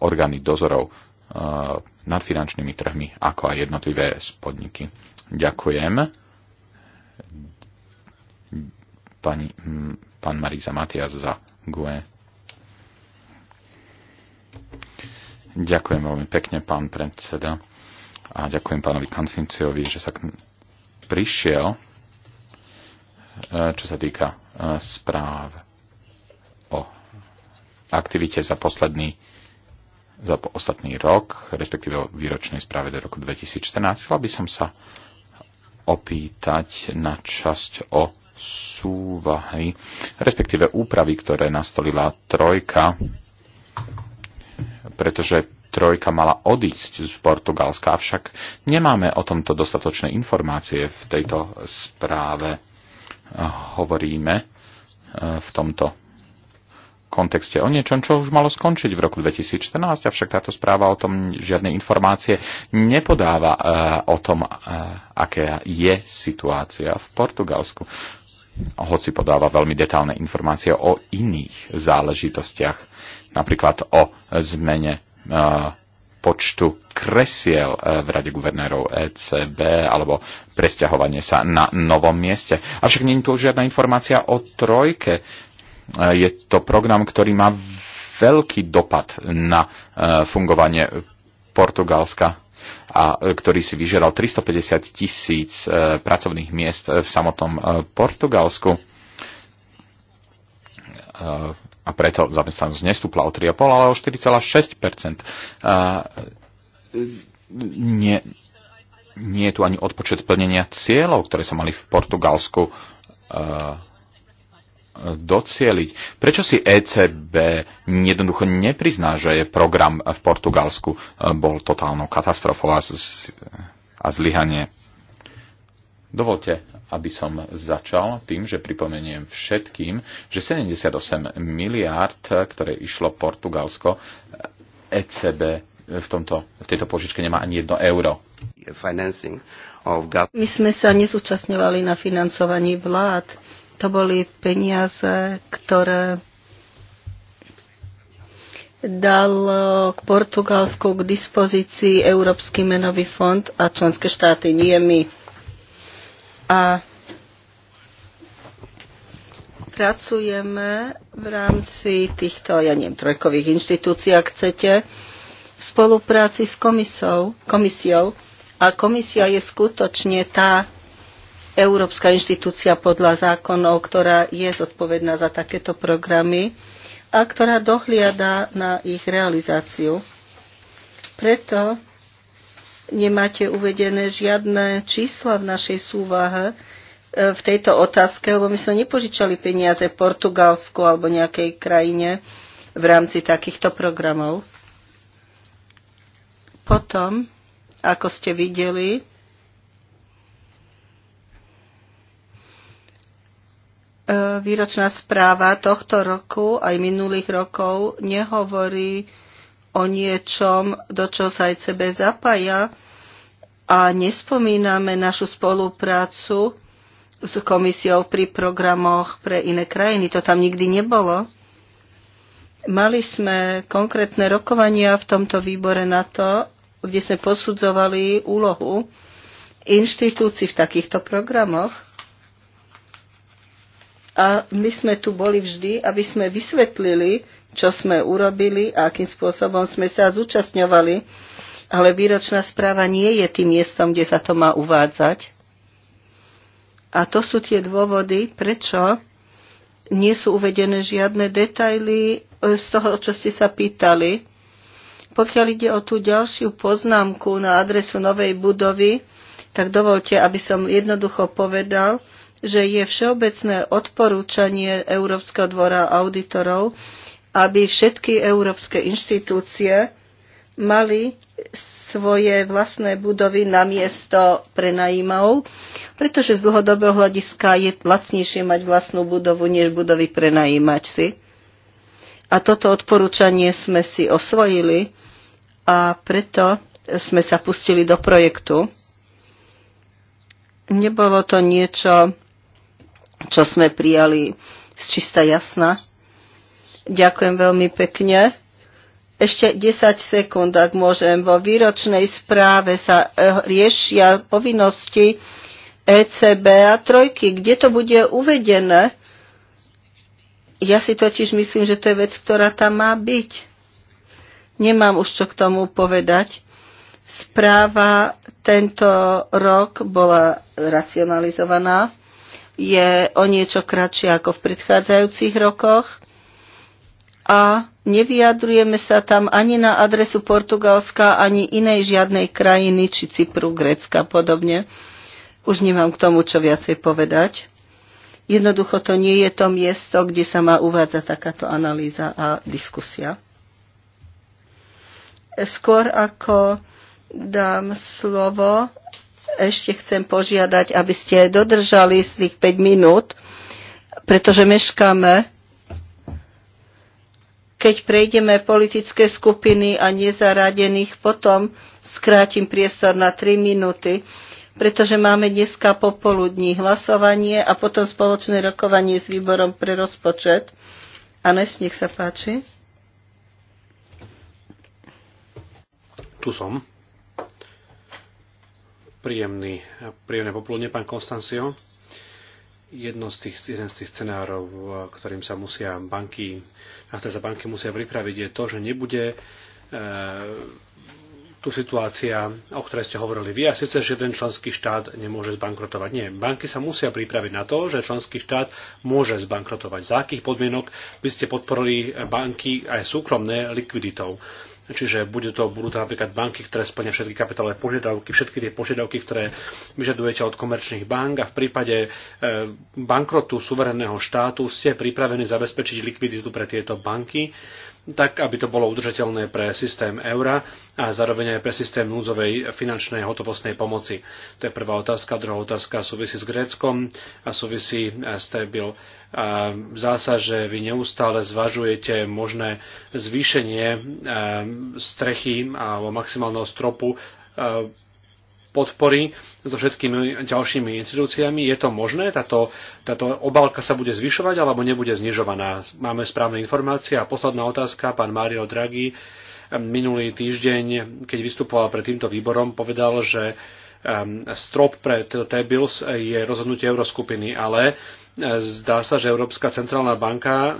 S4: orgány dozorov nad finančnými trhmi, ako aj jednotlivé spodniky. Ďakujem pani, pán Marisa Matias za GUE. Ďakujem veľmi pekne, pán predseda. A ďakujem pánovi Kancinciovi, že sa k... prišiel, e, čo sa týka e, správ o aktivite za posledný za ostatný rok, respektíve o výročnej správe do roku 2014. Chcela by som sa opýtať na časť o súvahy, respektíve úpravy, ktoré nastolila trojka, pretože trojka mala odísť z Portugalska, avšak nemáme o tomto dostatočné informácie v tejto správe. Hovoríme e, v tomto kontexte o niečom, čo už malo skončiť v roku 2014, avšak táto správa o tom žiadne informácie nepodáva e, o tom, e, aká je situácia v Portugalsku hoci podáva veľmi detálne informácie o iných záležitostiach, napríklad o zmene e, počtu kresiel e, v Rade guvernérov ECB alebo presťahovanie sa na novom mieste. Avšak nie je tu žiadna informácia o trojke. E, je to program, ktorý má veľký dopad na fungovanie Portugalska a, e, ktorý si vyžeral 350 tisíc e, pracovných miest v samotnom e, Portugalsku. A preto zamestnanosť nestúpla o 3,5, ale o 4,6 nie, nie je tu ani odpočet plnenia cieľov, ktoré sa mali v Portugalsku docieliť. Prečo si ECB jednoducho neprizná, že je program v Portugalsku e, bol totálnou katastrofou a, zlyhanie? Dovolte, aby som začal tým, že pripomeniem všetkým, že 78 miliárd, ktoré išlo Portugalsko, ECB v, tomto, v tejto požičke nemá ani jedno euro.
S2: My sme sa nezúčastňovali na financovaní vlád to boli peniaze, ktoré dal k Portugalsku k dispozícii Európsky menový fond a členské štáty, nie my. A pracujeme v rámci týchto, ja neviem, trojkových inštitúcií, ak chcete, v spolupráci s komisou, komisiou. A komisia je skutočne tá európska inštitúcia podľa zákonov, ktorá je zodpovedná za takéto programy a ktorá dohliada na ich realizáciu. Preto nemáte uvedené žiadne čísla v našej súvahe e, v tejto otázke, lebo my sme nepožičali peniaze Portugalsku alebo nejakej krajine v rámci takýchto programov. Potom, ako ste videli, E, výročná správa tohto roku aj minulých rokov nehovorí o niečom, do čoho sa ICB e zapája a nespomíname našu spoluprácu s komisiou pri programoch pre iné krajiny. To tam nikdy nebolo. Mali sme konkrétne rokovania v tomto výbore na to, kde sme posudzovali úlohu inštitúcií v takýchto programoch a my sme tu boli vždy, aby sme vysvetlili, čo sme urobili a akým spôsobom sme sa zúčastňovali. Ale výročná správa nie je tým miestom, kde sa to má uvádzať. A to sú tie dôvody, prečo nie sú uvedené žiadne detaily e, z toho, čo ste sa pýtali. Pokiaľ ide o tú ďalšiu poznámku na adresu novej budovy, tak dovolte, aby som jednoducho povedal, že je všeobecné odporúčanie Európskeho dvora auditorov, aby všetky európske inštitúcie mali svoje vlastné budovy na miesto prenajímov, pretože z dlhodobého hľadiska je lacnejšie mať vlastnú budovu, než budovy prenajímať si. A toto odporúčanie sme si osvojili a preto sme sa pustili do projektu. Nebolo to niečo čo sme prijali z čista jasna. Ďakujem veľmi pekne. Ešte 10 sekúnd, ak môžem. Vo výročnej správe sa e, riešia povinnosti ECB a trojky. Kde to bude uvedené? Ja si totiž myslím, že to je vec, ktorá tam má byť. Nemám už čo k tomu povedať. Správa tento rok bola racionalizovaná je o niečo kratšie ako v predchádzajúcich rokoch a nevyjadrujeme sa tam ani na adresu Portugalska, ani inej žiadnej krajiny, či Cypru, Grécka podobne. Už nemám k tomu čo viacej povedať. Jednoducho to nie je to miesto, kde sa má uvádzať takáto analýza a diskusia. Skôr ako dám slovo ešte chcem požiadať, aby ste dodržali z tých 5 minút, pretože meškáme. Keď prejdeme politické skupiny a nezaradených, potom skrátim priestor na 3 minúty, pretože máme dneska popoludní hlasovanie a potom spoločné rokovanie s výborom pre rozpočet. A nech sa páči.
S3: Tu som. Príjemný, príjemné popoludne, pán Konstancio. Jedno z tých, jeden z tých scenárov, ktorým sa musia banky, na ktoré teda sa banky musia pripraviť, je to, že nebude e, tu situácia, o ktorej ste hovorili vy, a síce, že ten členský štát nemôže zbankrotovať. Nie, banky sa musia pripraviť na to, že členský štát môže zbankrotovať. Za akých podmienok by ste podporili banky aj súkromné likviditou? Čiže bude to, budú to napríklad banky, ktoré splňa všetky kapitálové požiadavky, všetky tie požiadavky, ktoré vyžadujete od komerčných bank a v prípade e, bankrotu suverénneho štátu ste pripravení zabezpečiť likviditu pre tieto banky tak, aby to bolo udržateľné pre systém eura a zároveň aj pre systém núdzovej finančnej hotovostnej pomoci. To je prvá otázka. Druhá otázka súvisí s Gréckom a súvisí e, s, tebil, zdá sa, že vy neustále zvažujete možné zvýšenie e, strechy alebo maximálneho stropu e, podpory so všetkými ďalšími inštitúciami. Je to možné? Táto, táto obálka sa bude zvyšovať alebo nebude znižovaná? Máme správne informácie. A posledná otázka, pán Mario Draghi minulý týždeň, keď vystupoval pred týmto výborom, povedal, že Ehm, strop pre T-bills je rozhodnutie Euroskupiny, ale e, zdá sa, že Európska centrálna banka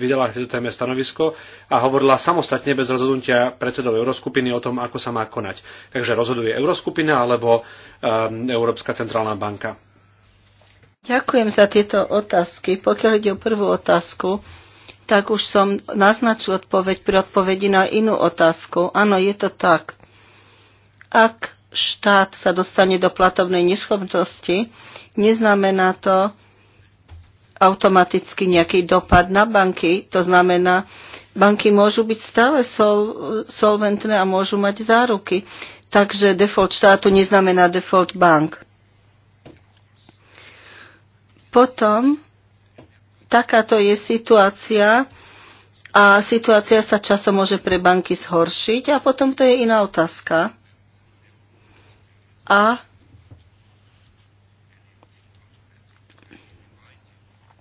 S3: vydala tieto téme stanovisko a hovorila samostatne bez rozhodnutia predsedov Euroskupiny o tom, ako sa má konať. Takže rozhoduje Euroskupina alebo ehm, Európska centrálna banka.
S2: Ďakujem za tieto otázky. Pokiaľ ide o prvú otázku, tak už som naznačil odpoveď pri odpovedi na inú otázku. Áno, je to tak. Ak štát sa dostane do platovnej neschopnosti, neznamená to automaticky nejaký dopad na banky. To znamená, banky môžu byť stále sol, solventné a môžu mať záruky. Takže default štátu neznamená default bank. Potom takáto je situácia a situácia sa časom môže pre banky zhoršiť a potom to je iná otázka a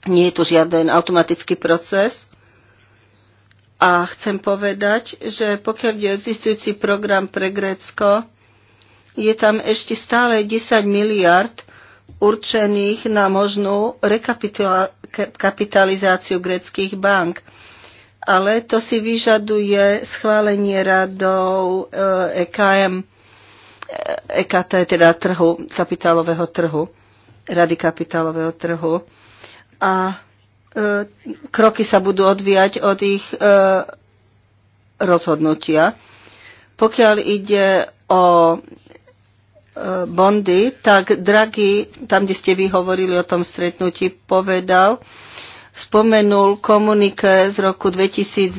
S2: nie je tu žiaden automatický proces. A chcem povedať, že pokiaľ je existujúci program pre Grécko, je tam ešte stále 10 miliard určených na možnú rekapitalizáciu greckých bank. Ale to si vyžaduje schválenie radov EKM. E EKT, teda trhu, kapitálového trhu, rady kapitálového trhu. A e, kroky sa budú odvíjať od ich e, rozhodnutia. Pokiaľ ide o e, bondy, tak Draghi, tam, kde ste vy hovorili o tom stretnutí, povedal, spomenul komunike z roku 2012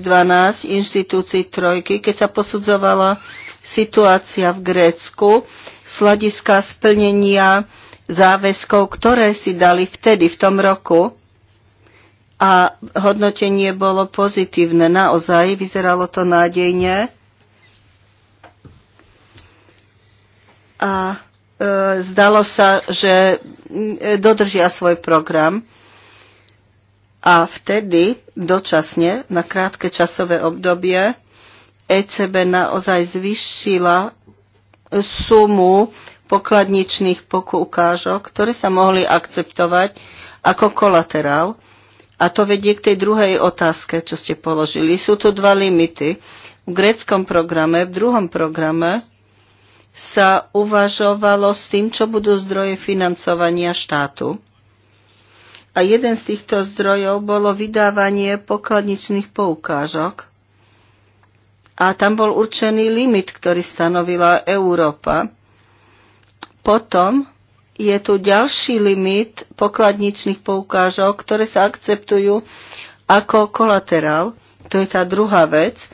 S2: inštitúcii Trojky, keď sa posudzovala situácia v Grécku z hľadiska splnenia záväzkov, ktoré si dali vtedy, v tom roku. A hodnotenie bolo pozitívne, naozaj, vyzeralo to nádejne. A e, zdalo sa, že dodržia svoj program. A vtedy, dočasne, na krátke časové obdobie, ECB naozaj zvyšila sumu pokladničných pokúkážok, ktoré sa mohli akceptovať ako kolaterál. A to vedie k tej druhej otázke, čo ste položili. Sú tu dva limity. V gréckom programe, v druhom programe sa uvažovalo s tým, čo budú zdroje financovania štátu. A jeden z týchto zdrojov bolo vydávanie pokladničných poukážok a tam bol určený limit, ktorý stanovila Európa. Potom je tu ďalší limit pokladničných poukážok, ktoré sa akceptujú ako kolaterál. To je tá druhá vec.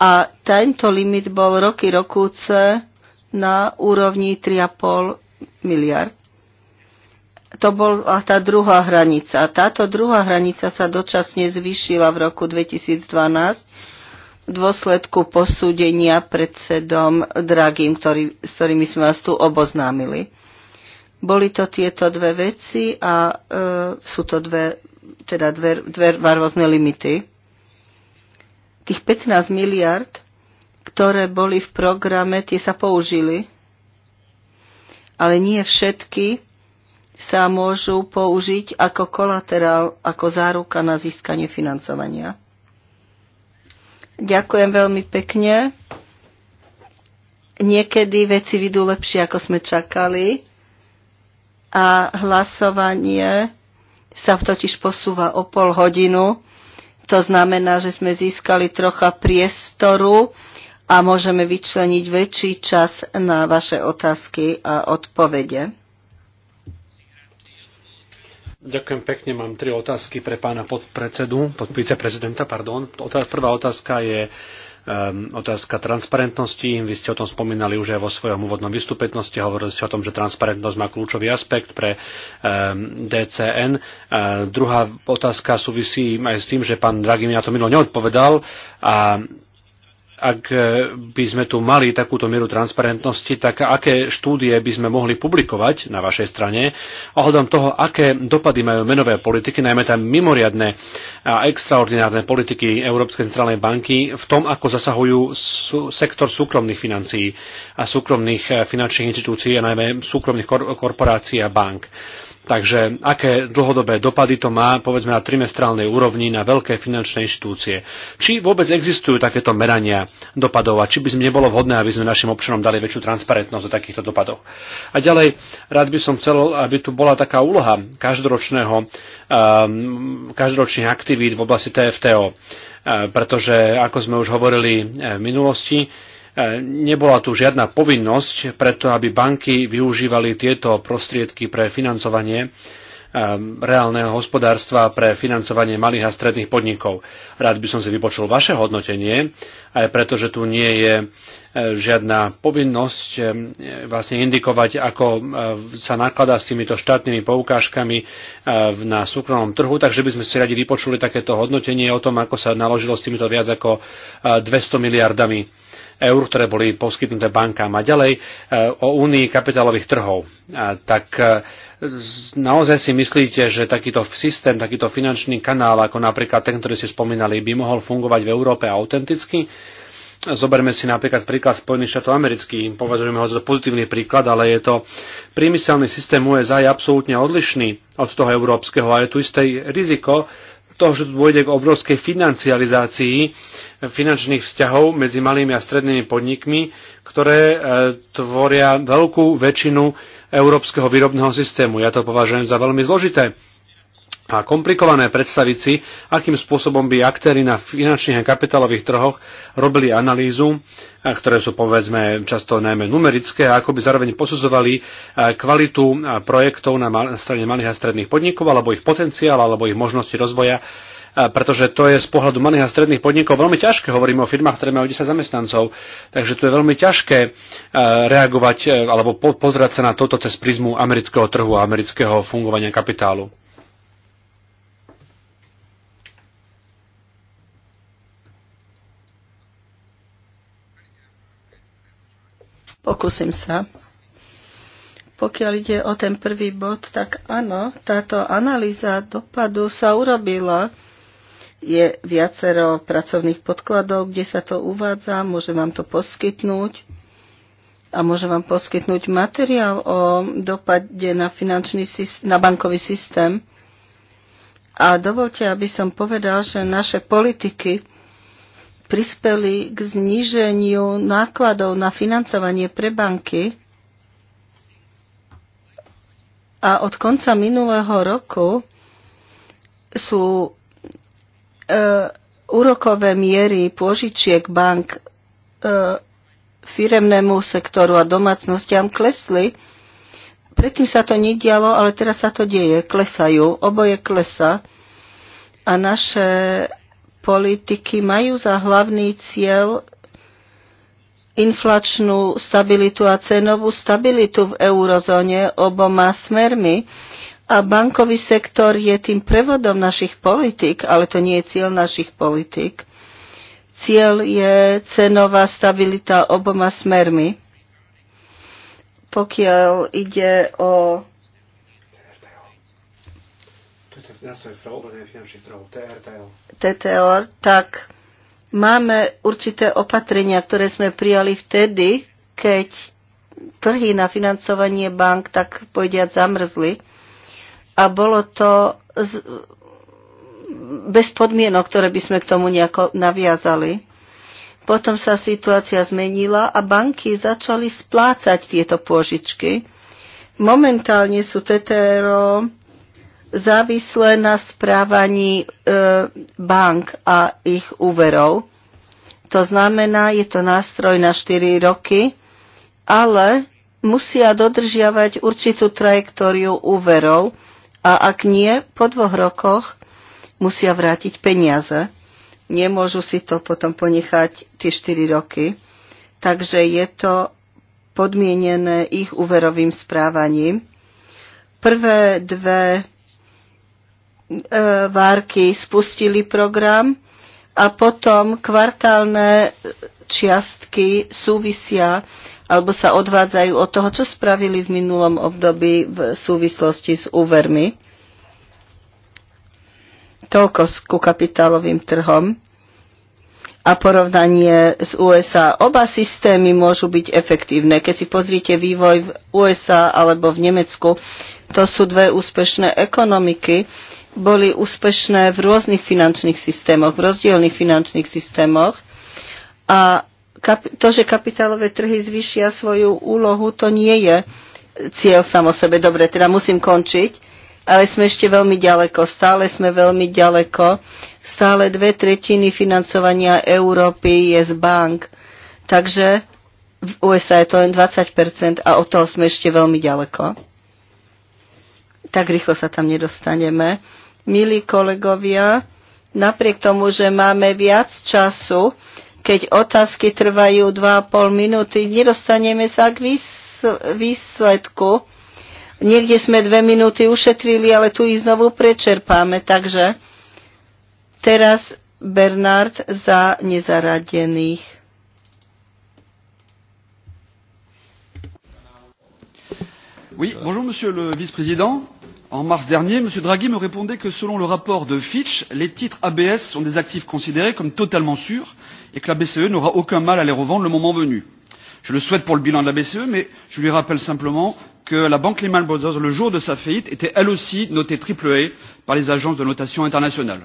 S2: A tento limit bol roky rokúce na úrovni 3,5 miliard. To bola tá druhá hranica. Táto druhá hranica sa dočasne zvýšila v roku 2012 v dôsledku posúdenia predsedom Dragým, ktorý, s ktorými sme vás tu oboznámili. Boli to tieto dve veci a e, sú to dve, teda dve, dve rôzne limity. Tých 15 miliard, ktoré boli v programe, tie sa použili, ale nie všetky sa môžu použiť ako kolaterál, ako záruka na získanie financovania. Ďakujem veľmi pekne. Niekedy veci vidú lepšie, ako sme čakali a hlasovanie sa totiž posúva o pol hodinu. To znamená, že sme získali trocha priestoru a môžeme vyčleniť väčší čas na vaše otázky a odpovede.
S3: Ďakujem pekne. Mám tri otázky pre pána podpredsedu, viceprezidenta. pardon. Prvá otázka je um, otázka transparentnosti. Vy ste o tom spomínali už aj vo svojom úvodnom vystúpení. No hovorili ste o tom, že transparentnosť má kľúčový aspekt pre um, ehm, DCN. Uh, druhá otázka súvisí aj s tým, že pán Draghi mi na to minulo neodpovedal. A ak e, by sme tu mali takúto mieru transparentnosti, tak aké štúdie by sme mohli publikovať na vašej strane ohľadom toho, aké dopady majú menové politiky, najmä tam mimoriadne a extraordinárne politiky Európskej centrálnej banky v tom, ako zasahujú sektor súkromných financií a súkromných e, finančných inštitúcií a najmä súkromných kor- korporácií a bank. Takže aké dlhodobé dopady to má, povedzme na trimestrálnej úrovni, na veľké finančné inštitúcie. Či vôbec existujú takéto merania dopadov a či by sme nebolo vhodné, aby sme našim občanom dali väčšiu transparentnosť o takýchto dopadoch. A ďalej, rád by som chcel, aby tu bola taká úloha každoročného, um, každoročných aktivít v oblasti TFTO e, pretože, ako sme už hovorili e, v minulosti, E, nebola tu žiadna povinnosť preto, aby banky využívali tieto prostriedky pre financovanie e, reálneho hospodárstva pre financovanie malých a stredných podnikov. Rád by som si vypočul vaše hodnotenie, aj preto, že tu nie je e, žiadna povinnosť vlastne indikovať, ako sa nakladá s týmito štátnymi poukážkami na súkromnom trhu, takže by sme si radi vypočuli takéto hodnotenie o tom, ako sa naložilo s týmito viac ako 200 miliardami eur, ktoré boli poskytnuté bankám a ďalej e, o únii kapitálových trhov. Tak e, naozaj si myslíte, že takýto systém, takýto finančný kanál, ako napríklad ten, ktorý ste spomínali, by mohol fungovať v Európe autenticky? Zoberme si napríklad príklad Spojených štátov amerických, považujeme ho za pozitívny príklad, ale je to priemyselný systém USA je absolútne odlišný od toho európskeho a je tu isté riziko, toho, že tu dôjde k obrovskej financializácii eh, finančných vzťahov medzi malými a strednými podnikmi, ktoré eh, tvoria veľkú väčšinu európskeho výrobného systému. Ja to považujem za veľmi zložité a komplikované predstaviť si, akým spôsobom by aktéry na finančných a kapitálových trhoch robili analýzu, ktoré sú povedzme často najmä numerické, a ako by zároveň posudzovali kvalitu projektov na strane malých a stredných podnikov, alebo ich potenciál, alebo ich možnosti rozvoja, pretože to je z pohľadu malých a stredných podnikov veľmi ťažké, hovoríme o firmách, ktoré majú 10 zamestnancov, takže tu je veľmi ťažké reagovať alebo pozerať sa na toto cez prizmu amerického trhu a amerického fungovania kapitálu.
S2: Pokúsim sa. Pokiaľ ide o ten prvý bod, tak áno, táto analýza dopadu sa urobila. Je viacero pracovných podkladov, kde sa to uvádza, môžem vám to poskytnúť a môžem vám poskytnúť materiál o dopade na, finančný, na bankový systém. A dovolte, aby som povedal, že naše politiky prispeli k zníženiu nákladov na financovanie pre banky. A od konca minulého roku sú e, úrokové miery pôžičiek bank e, firemnému sektoru a domácnostiam klesli. Predtým sa to nedialo, ale teraz sa to deje. Klesajú, oboje klesa. A naše politiky majú za hlavný cieľ inflačnú stabilitu a cenovú stabilitu v eurozóne oboma smermi. A bankový sektor je tým prevodom našich politik, ale to nie je cieľ našich politik. Cieľ je cenová stabilita oboma smermi. Pokiaľ ide o nástroj tak máme určité opatrenia, ktoré sme prijali vtedy, keď trhy na financovanie bank tak povediať zamrzli. A bolo to z, bez podmienok, ktoré by sme k tomu nejako naviazali. Potom sa situácia zmenila a banky začali splácať tieto pôžičky. Momentálne sú TTRO závislé na správaní e, bank a ich úverov. To znamená, je to nástroj na 4 roky, ale musia dodržiavať určitú trajektóriu úverov a ak nie, po dvoch rokoch musia vrátiť peniaze. Nemôžu si to potom ponechať tie 4 roky. Takže je to podmienené ich úverovým správaním. Prvé dve E, várky spustili program a potom kvartálne čiastky súvisia alebo sa odvádzajú od toho, čo spravili v minulom období v súvislosti s úvermi. Toľko ku kapitálovým trhom a porovnanie s USA. Oba systémy môžu byť efektívne. Keď si pozrite vývoj v USA alebo v Nemecku, to sú dve úspešné ekonomiky boli úspešné v rôznych finančných systémoch, v rozdielných finančných systémoch. A to, že kapitálové trhy zvýšia svoju úlohu, to nie je cieľ samo sebe. Dobre, teda musím končiť, ale sme ešte veľmi ďaleko, stále sme veľmi ďaleko. Stále dve tretiny financovania Európy je z bank, takže v USA je to len 20% a od toho sme ešte veľmi ďaleko. Tak rýchlo sa tam nedostaneme. Milí kolegovia, napriek tomu, že máme viac času, keď otázky trvajú 2,5 minúty, nedostaneme sa k výsledku. Niekde sme dve minúty ušetrili, ale tu ich znovu prečerpáme. Takže teraz Bernard za nezaradených.
S5: Oui, bonjour monsieur le vice-président. En mars dernier, M. Draghi me répondait que selon le rapport de Fitch, les titres ABS sont des actifs considérés comme totalement sûrs et que la BCE n'aura aucun mal à les revendre le moment venu. Je le souhaite pour le bilan de la BCE, mais je lui rappelle simplement que la banque Lehman Brothers, le jour de sa faillite, était elle aussi notée triple A par les agences de notation internationale.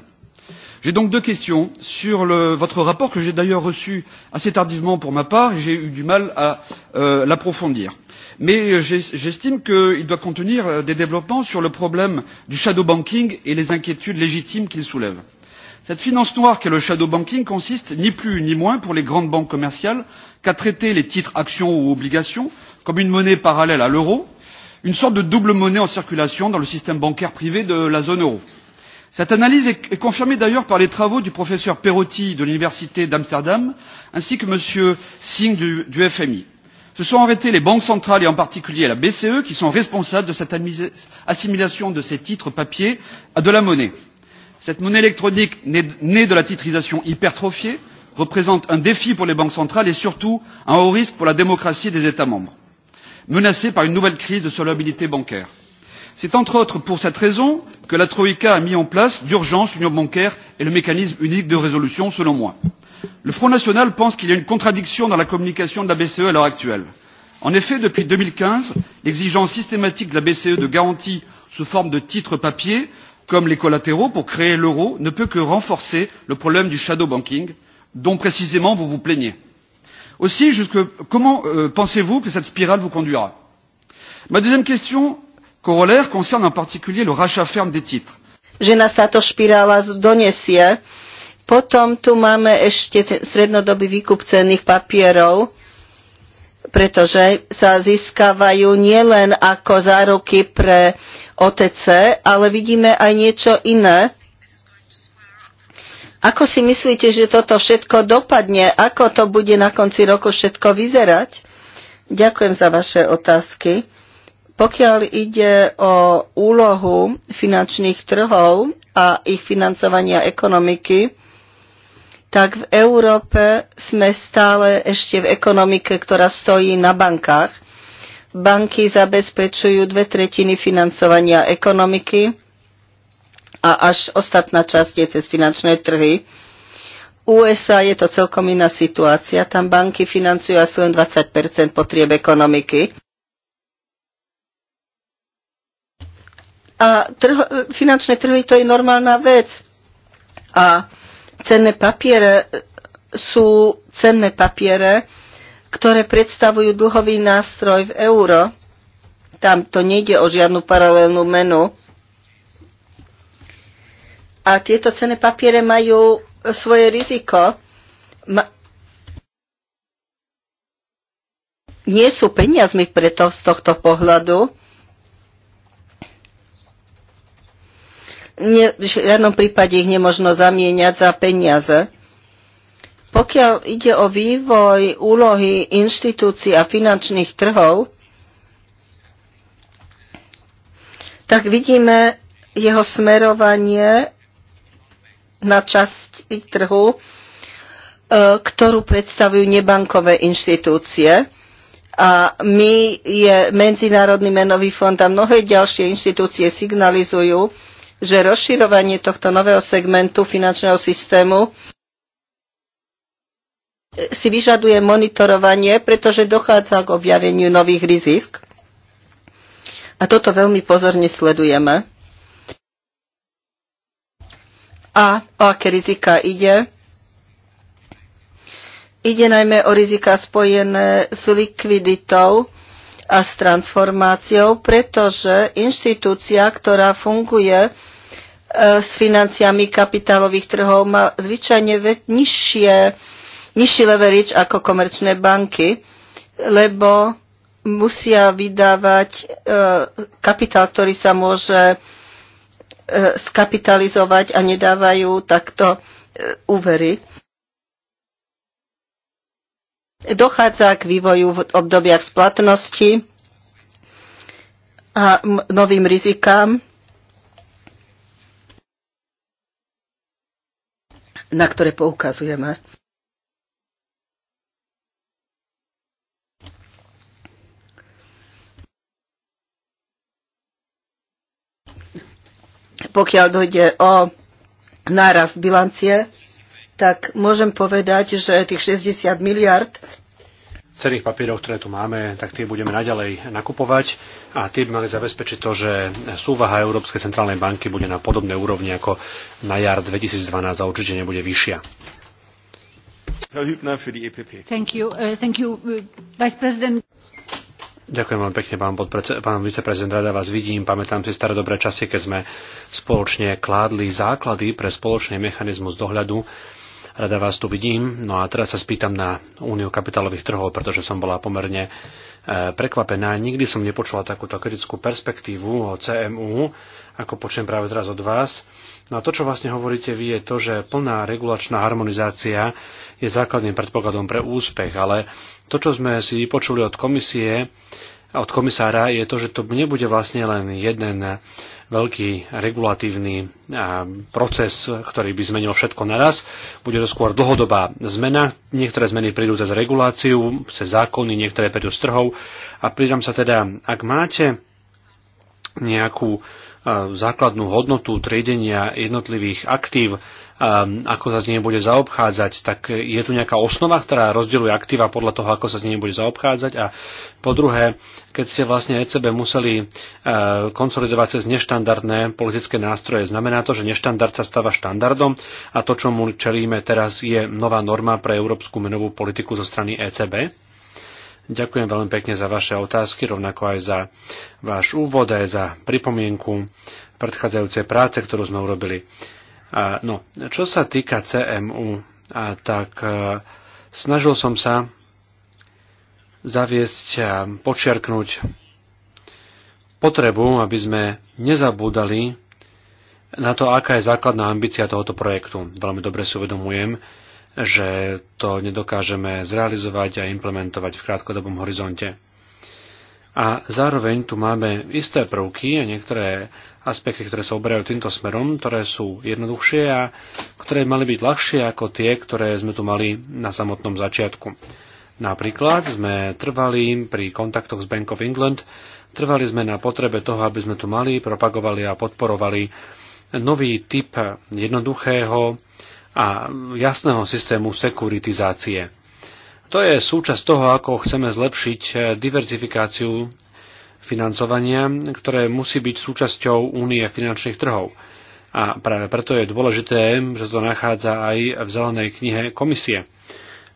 S5: J'ai donc deux questions sur le, votre rapport que j'ai d'ailleurs reçu assez tardivement pour ma part et j'ai eu du mal à euh, l'approfondir mais euh, j'estime qu'il doit contenir euh, des développements sur le problème du shadow banking et les inquiétudes légitimes qu'il soulève. Cette finance noire qu'est le shadow banking consiste ni plus ni moins pour les grandes banques commerciales qu'à traiter les titres, actions ou obligations comme une monnaie parallèle à l'euro, une sorte de double monnaie en circulation dans le système bancaire privé de la zone euro. Cette analyse est confirmée d'ailleurs par les travaux du professeur Perotti de l'université d'Amsterdam ainsi que M. Singh du, du FMI ce sont en réalité les banques centrales et en particulier la bce qui sont responsables de cette assimilation de ces titres papier à de la monnaie. cette monnaie électronique née de la titrisation hypertrophiée représente un défi pour les banques centrales et surtout un haut risque pour la démocratie des états membres menacée par une nouvelle crise de solvabilité bancaire. c'est entre autres pour cette raison que la troïka a mis en place d'urgence l'union bancaire et le mécanisme unique de résolution selon moi le front national pense qu'il y a une contradiction dans la communication de la bce à l'heure actuelle. en effet depuis deux mille quinze l'exigence systématique de la bce de garanties sous forme de titres papier comme les collatéraux pour créer l'euro ne peut que renforcer le problème du shadow banking dont précisément vous vous plaignez. aussi comment euh, pensez vous que cette spirale vous conduira? ma deuxième question corollaire concerne en particulier le rachat ferme des titres.
S2: že nás táto špirála donesie potom tu máme ešte strednodobý výkup cenných papierov, pretože sa získavajú nielen ako záruky pre OTC, ale vidíme aj niečo iné. Ako si myslíte, že toto všetko dopadne? Ako to bude na konci roku všetko vyzerať? Ďakujem za vaše otázky. Pokiaľ ide o úlohu finančných trhov a ich financovania ekonomiky, tak v Európe sme stále ešte v ekonomike, ktorá stojí na bankách. Banky zabezpečujú dve tretiny financovania ekonomiky a až ostatná časť je cez finančné trhy. USA je to celkom iná situácia. Tam banky financujú asi len 20 potrieb ekonomiky. A trho, finančné trhy to je normálna vec. A Cenné papiere sú cenné papiere, ktoré predstavujú dlhový nástroj v euro. Tam to nejde o žiadnu paralelnú menu. A tieto cenné papiere majú svoje riziko. Ma- nie sú peniazmi preto z tohto pohľadu. ne, v žiadnom prípade ich nemožno zamieňať za peniaze. Pokiaľ ide o vývoj úlohy inštitúcií a finančných trhov, tak vidíme jeho smerovanie na časť trhu, e, ktorú predstavujú nebankové inštitúcie. A my je Medzinárodný menový fond a mnohé ďalšie inštitúcie signalizujú, že rozširovanie tohto nového segmentu finančného systému si vyžaduje monitorovanie, pretože dochádza k objaveniu nových rizisk. A toto veľmi pozorne sledujeme. A o aké rizika ide? Ide najmä o rizika spojené s likviditou a s transformáciou, pretože inštitúcia, ktorá funguje Eh, s financiami kapitálových trhov má zvyčajne nižšie, nižší leverage ako komerčné banky, lebo musia vydávať eh, kapitál, ktorý sa môže eh, skapitalizovať a nedávajú takto úvery. Dochádza k vývoju v obdobiach splatnosti a novým rizikám na ktoré poukazujeme. Pokiaľ dojde o nárast bilancie, tak môžem povedať, že tých 60 miliard
S3: cených papierov, ktoré tu máme, tak tie budeme naďalej nakupovať a tie by mali zabezpečiť to, že súvaha Európskej centrálnej banky bude na podobnej úrovni ako na jar 2012 a určite nebude vyššia.
S1: E uh,
S2: uh,
S3: Ďakujem veľmi pekne, pán, pán viceprezident, rada vás vidím. Pamätám si staré dobré časy, keď sme spoločne kládli základy pre spoločný mechanizmus dohľadu Rada vás tu vidím. No a teraz sa spýtam na Úniu kapitálových trhov, pretože som bola pomerne e, prekvapená. Nikdy som nepočula takúto kritickú perspektívu o CMU, ako počujem práve teraz od vás. No a to, čo vlastne hovoríte vy, je to, že plná regulačná harmonizácia je základným predpokladom pre úspech, ale to, čo sme si vypočuli od komisie, od komisára je to, že to nebude vlastne len jeden veľký regulatívny proces, ktorý by zmenil všetko naraz. Bude to skôr dlhodobá zmena. Niektoré zmeny prídu cez reguláciu, cez zákony, niektoré prídu z trhov. A pridám sa teda, ak máte nejakú základnú hodnotu triedenia jednotlivých aktív, ako sa s nimi bude zaobchádzať, tak je tu nejaká osnova, ktorá rozdeluje aktíva podľa toho, ako sa s nimi bude zaobchádzať. A po druhé, keď ste vlastne ECB museli konsolidovať cez neštandardné politické nástroje, znamená to, že neštandard sa stáva štandardom a to, čo mu čelíme teraz, je nová norma pre európsku menovú politiku zo strany ECB? Ďakujem veľmi pekne za vaše otázky, rovnako aj za váš úvod, aj za pripomienku predchádzajúcej práce, ktorú sme urobili. No, čo sa týka CMU, tak e, snažil som sa zaviesť a počiarknúť potrebu, aby sme nezabúdali na to, aká je základná ambícia tohoto projektu. Veľmi dobre si uvedomujem, že to nedokážeme zrealizovať a implementovať v krátkodobom horizonte. A zároveň tu máme isté prvky a niektoré aspekty, ktoré sa oberajú týmto smerom, ktoré sú jednoduchšie a ktoré mali byť ľahšie ako tie, ktoré sme tu mali na samotnom začiatku. Napríklad sme trvali pri kontaktoch s Bank of England, trvali sme na potrebe toho, aby sme tu mali, propagovali a podporovali nový typ jednoduchého a jasného systému sekuritizácie. To je súčasť toho, ako chceme zlepšiť eh, diverzifikáciu financovania, ktoré musí byť súčasťou únie finančných trhov. A práve preto je dôležité, že to nachádza aj v zelenej knihe komisie,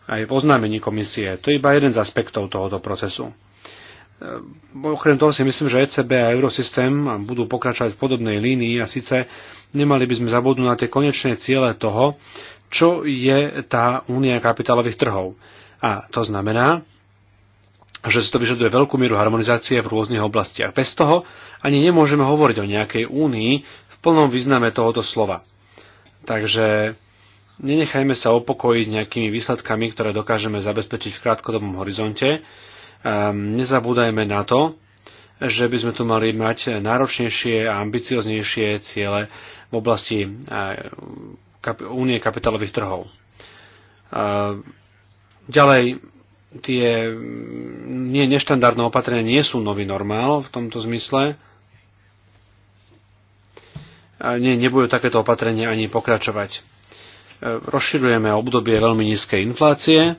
S3: aj v oznámení komisie. To je iba jeden z aspektov tohoto procesu. Okrem toho si myslím, že ECB a Eurosystém budú pokračovať v podobnej línii a síce nemali by sme zabudnúť na tie konečné ciele toho, čo je tá únia kapitálových trhov. A to znamená, že si to vyžaduje veľkú mieru harmonizácie v rôznych oblastiach. Bez toho ani nemôžeme hovoriť o nejakej únii v plnom význame tohoto slova. Takže nenechajme sa opokojiť nejakými výsledkami, ktoré dokážeme zabezpečiť v krátkodobom horizonte, Ehm, nezabúdajme na to, že by sme tu mali mať náročnejšie a ambicioznejšie ciele v oblasti eh, únie kapitálových trhov. Ehm, ďalej, tie mm, nie, neštandardné opatrenia nie sú nový normál v tomto zmysle. Nie, nebudú takéto opatrenia ani pokračovať. Ehm, rozširujeme obdobie veľmi nízkej inflácie,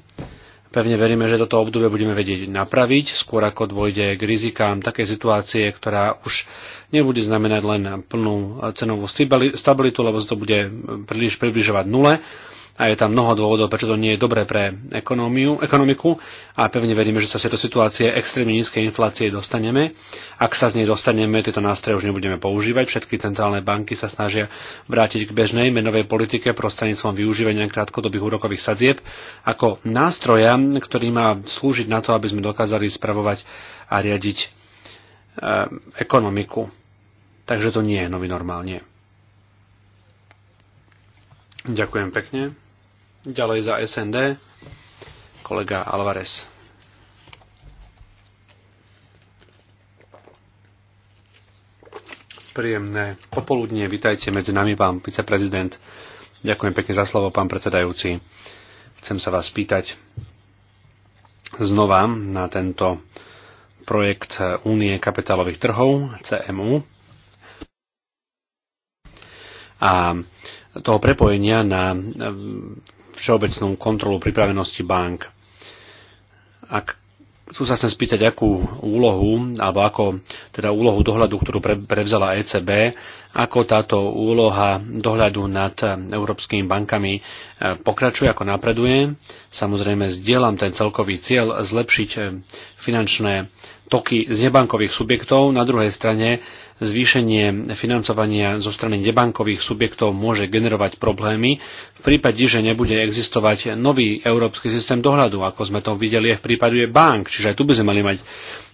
S3: Pevne veríme, že toto obdobie budeme vedieť napraviť, skôr ako dôjde k rizikám také situácie, ktorá už nebude znamenať len plnú eh, cenovú stabilitu, lebo to bude eh, príliš približovať nule a je tam mnoho dôvodov, prečo to nie je dobré pre ekonómiu, ekonomiku a pevne veríme, že sa si do situácie extrémne nízkej inflácie dostaneme. Ak sa z nej dostaneme, tieto nástroje už nebudeme používať. Všetky centrálne banky sa snažia vrátiť k bežnej menovej politike prostredníctvom využívania krátkodobých úrokových sadzieb ako nástroja, ktorý má slúžiť na to, aby sme dokázali spravovať a riadiť e, ekonomiku. Takže to nie je nový normálne. Ďakujem pekne. Ďalej za SND kolega Alvarez. Príjemné popoludne, vitajte medzi nami, pán viceprezident. Ďakujem pekne za slovo, pán predsedajúci. Chcem sa vás pýtať znova na tento projekt Únie kapitálových trhov, CMU, a toho prepojenia na všeobecnú kontrolu pripravenosti bank. Ak chcú sa sem spýtať, akú úlohu, alebo ako teda úlohu dohľadu, ktorú pre, prevzala ECB, ako táto úloha dohľadu nad európskymi bankami e, pokračuje, ako napreduje. Samozrejme, zdieľam ten celkový cieľ zlepšiť e, finančné toky z nebankových subjektov. Na druhej strane zvýšenie financovania zo strany nebankových subjektov môže generovať problémy v prípade, že nebude existovať nový európsky systém dohľadu, ako sme to videli aj v prípade bank. Čiže aj tu by sme mali mať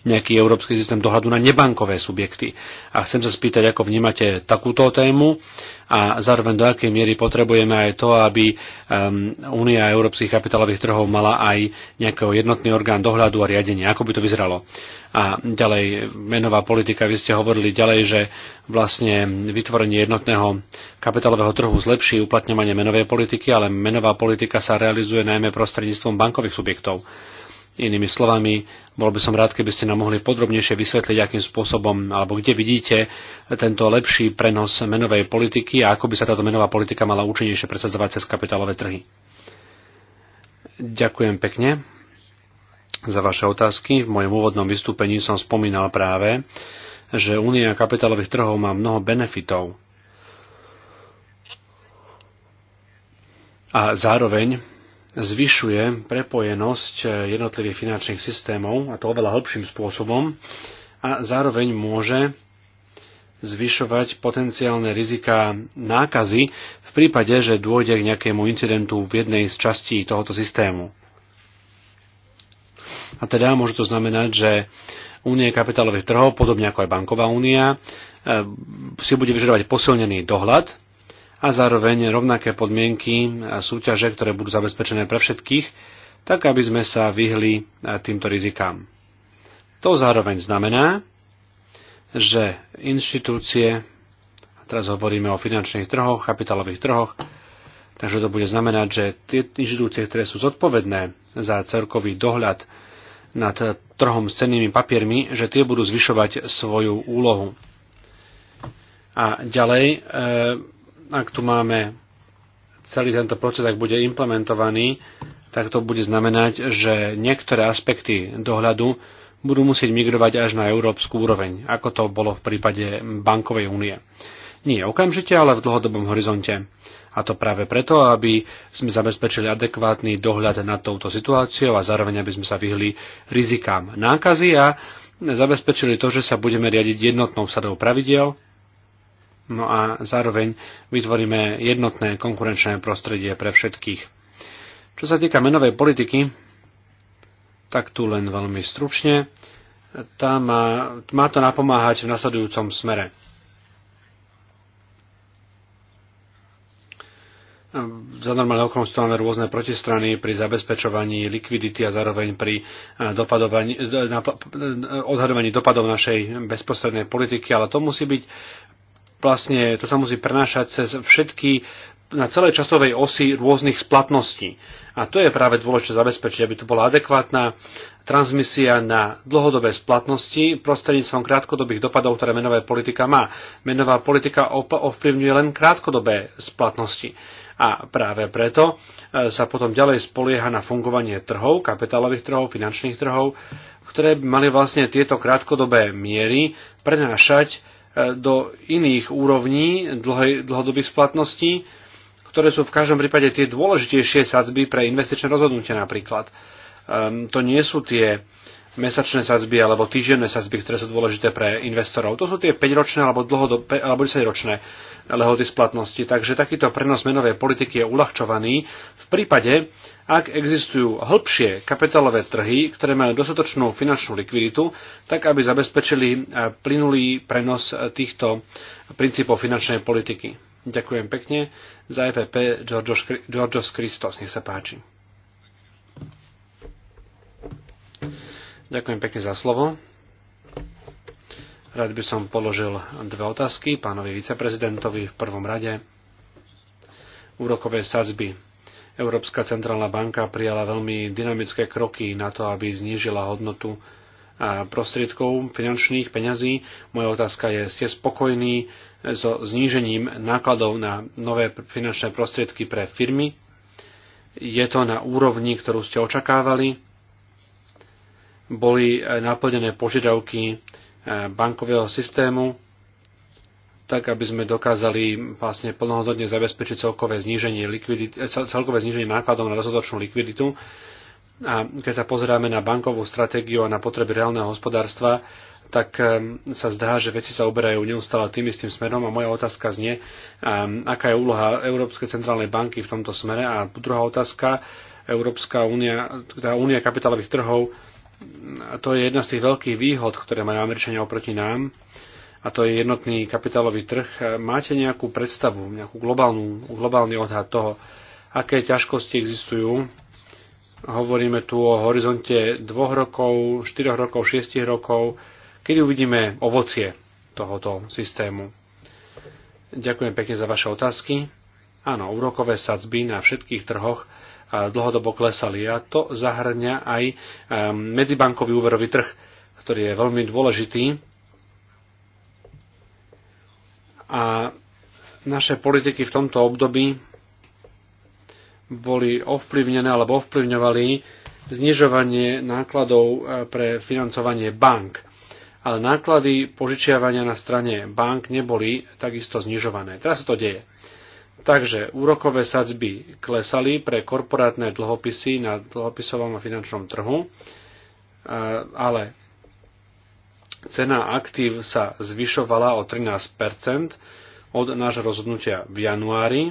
S3: nejaký európsky systém dohľadu na nebankové subjekty. A chcem sa spýtať, ako vnímate takúto tému a zároveň do akej miery potrebujeme aj to, aby um, Únia um, európskych kapitálových trhov mala aj nejaký jednotný orgán dohľadu a riadenia. Ako by to vyzeralo? A ďalej, menová politika, vy ste hovorili ďalej, že vlastne vytvorenie jednotného kapitálového trhu zlepší uplatňovanie menovej politiky, ale menová politika sa realizuje najmä prostredníctvom bankových subjektov. Inými slovami, bol by som rád, keby ste nám mohli podrobnejšie vysvetliť, akým spôsobom alebo kde vidíte tento lepší prenos menovej politiky a ako by sa táto menová politika mala účinnejšie presadzovať cez kapitálové trhy. Ďakujem pekne za vaše otázky. V mojom úvodnom vystúpení som spomínal práve, že Únia kapitálových trhov má mnoho benefitov. A zároveň zvyšuje prepojenosť jednotlivých finančných systémov, a to oveľa hĺbším spôsobom, a zároveň môže zvyšovať potenciálne rizika nákazy v prípade, že dôjde k nejakému incidentu v jednej z častí tohoto systému. A teda môže to znamenať, že únie kapitálových trhov, podobne ako aj banková únia, e, si bude vyžadovať posilnený dohľad a zároveň rovnaké podmienky a súťaže, ktoré budú zabezpečené pre všetkých, tak aby sme sa vyhli e, týmto rizikám. To zároveň znamená, že inštitúcie, teraz hovoríme o finančných trhoch, kapitálových trhoch, takže to bude znamenať, že tie inštitúcie, ktoré sú zodpovedné za celkový dohľad nad trhom s cennými papiermi, že tie budú zvyšovať svoju úlohu. A ďalej, eh, ak tu máme celý tento proces, ak bude implementovaný, tak to bude znamenať, že niektoré aspekty dohľadu budú musieť migrovať až na európsku úroveň, ako to bolo v prípade bankovej únie. Nie okamžite, ale v dlhodobom horizonte. A to práve preto, aby sme zabezpečili adekvátny dohľad nad touto situáciou a zároveň, aby sme sa vyhli rizikám nákazy a zabezpečili to, že sa budeme riadiť jednotnou sadou pravidiel. no a zároveň vytvoríme jednotné konkurenčné prostredie pre všetkých. Čo sa týka menovej politiky, tak tu len veľmi stručne. Tá má, má to napomáhať v nasledujúcom smere. za normálne okolnosti máme rôzne protistrany pri zabezpečovaní likvidity a zároveň pri e, e, e, odhadovaní dopadov našej bezprostrednej politiky, ale to musí byť vlastne, to sa musí prenášať cez všetky na celej časovej osi rôznych splatností. A to je práve dôležité zabezpečiť, aby tu bola adekvátna transmisia na dlhodobé splatnosti prostredníctvom krátkodobých dopadov, ktoré menová politika má. Menová politika ovplyvňuje len krátkodobé splatnosti. A práve preto e, sa potom ďalej spolieha na fungovanie trhov, kapitálových trhov, finančných trhov, ktoré by mali vlastne tieto krátkodobé miery prenášať e, do iných úrovní dlhodobých splatností, ktoré sú v každom prípade tie dôležitejšie sadzby pre investičné rozhodnutia napríklad. Um, to nie sú tie mesačné sadzby alebo týždenné sadzby, ktoré sú dôležité pre investorov. To sú tie 5-ročné alebo, dlhodob, alebo 10-ročné lehoty splatnosti. Takže takýto prenos menovej politiky je uľahčovaný v prípade, ak existujú hĺbšie kapitálové trhy, ktoré majú dostatočnú finančnú likviditu, tak aby zabezpečili e, plynulý prenos e, týchto princípov finančnej politiky. Ďakujem pekne. Za EPP Georgios Christos. Nech sa páči. Ďakujem pekne za slovo. Rád by som položil dve otázky pánovi viceprezidentovi v prvom rade. Úrokové sadzby. Európska centrálna banka prijala veľmi dynamické kroky na to, aby znížila hodnotu prostriedkov finančných peňazí. Moja otázka je, ste spokojní so znížením nákladov na nové finančné prostriedky pre firmy? Je to na úrovni, ktorú ste očakávali? boli eh, naplnené požiadavky eh, bankového systému, tak aby sme dokázali vlastne plnohodnotne zabezpečiť celkové zníženie, eh, celkové zníženie nákladov na rozhodočnú likviditu. A keď sa pozeráme na bankovú stratégiu a na potreby reálneho hospodárstva, tak sa zdá, že veci sa uberajú neustále tým istým smerom a moja otázka znie, aká je úloha Európskej centrálnej banky v tomto smere. A druhá otázka, Európska únia, tá únia kapitálových trhov, a to je jedna z tých veľkých výhod, ktoré majú Američania oproti nám, a to je jednotný kapitálový trh. Máte nejakú predstavu, nejakú globálnu, globálny odhad toho, aké ťažkosti existujú? Hovoríme tu o horizonte dvoch rokov, štyroch rokov, šiestich rokov, kedy uvidíme ovocie tohoto systému. Ďakujem pekne za vaše otázky. Áno, úrokové sadzby na všetkých trhoch dlhodobo klesali. A to zahrňa aj ehm, medzibankový úverový trh, ktorý je veľmi dôležitý. A naše politiky v tomto období boli ovplyvnené alebo ovplyvňovali znižovanie nákladov e, pre financovanie bank ale náklady požičiavania na strane bank neboli takisto znižované. Teraz sa to deje. Takže úrokové sadzby klesali pre korporátne dlhopisy na dlhopisovom a finančnom trhu, e, ale cena aktív sa zvyšovala o 13 od nášho rozhodnutia v januári,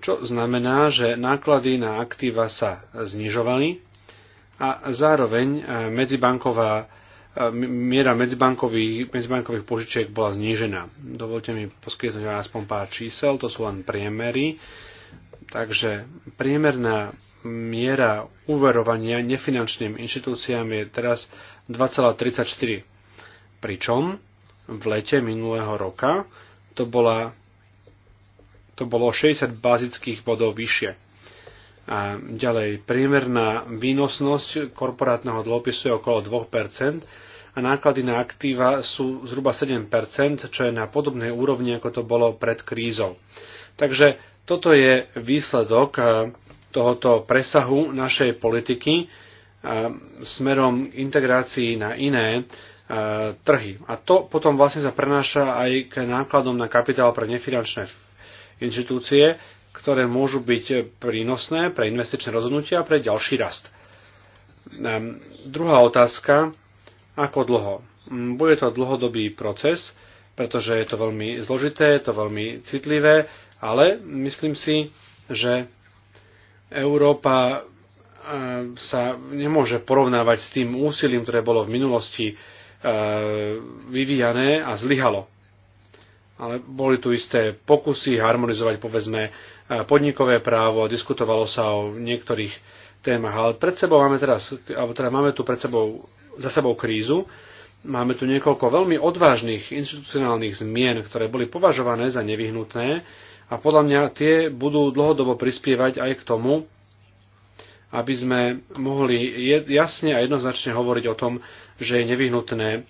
S3: čo znamená, že náklady na aktíva sa znižovali a zároveň e, medzibanková miera medzibankových, medzibankových požičiek bola znížená. Dovolte mi poskytnúť aspoň pár čísel, to sú len priemery. Takže priemerná miera uverovania nefinančným inštitúciám je teraz 2,34. Pričom v lete minulého roka to, bola, to bolo 60 bazických bodov vyššie. A ďalej, priemerná výnosnosť korporátneho dlhopisu je okolo 2%, a náklady na aktíva sú zhruba 7%, čo je na podobnej úrovni, ako to bolo pred krízou. Takže toto je výsledok eh, tohoto presahu našej politiky eh, smerom integrácii na iné eh, trhy. A to potom vlastne sa prenáša aj k nákladom na kapitál pre nefinančné inštitúcie, ktoré môžu byť prínosné pre investičné rozhodnutia a pre ďalší rast. Ehm, druhá otázka ako dlho? Mm, bude to dlhodobý proces, pretože je to veľmi zložité, je to veľmi citlivé, ale myslím si, že Európa e, sa nemôže porovnávať s tým úsilím, ktoré bolo v minulosti e, vyvíjané a zlyhalo. Ale boli tu isté pokusy harmonizovať, povedzme, e, podnikové právo, a diskutovalo sa o niektorých témach, ale pred sebou máme teraz, alebo teda máme tu pred sebou za sebou krízu. Máme tu niekoľko veľmi odvážnych institucionálnych zmien, ktoré boli považované za nevyhnutné a podľa mňa tie budú dlhodobo prispievať aj k tomu, aby sme mohli jasne a jednoznačne hovoriť o tom, že je nevyhnutné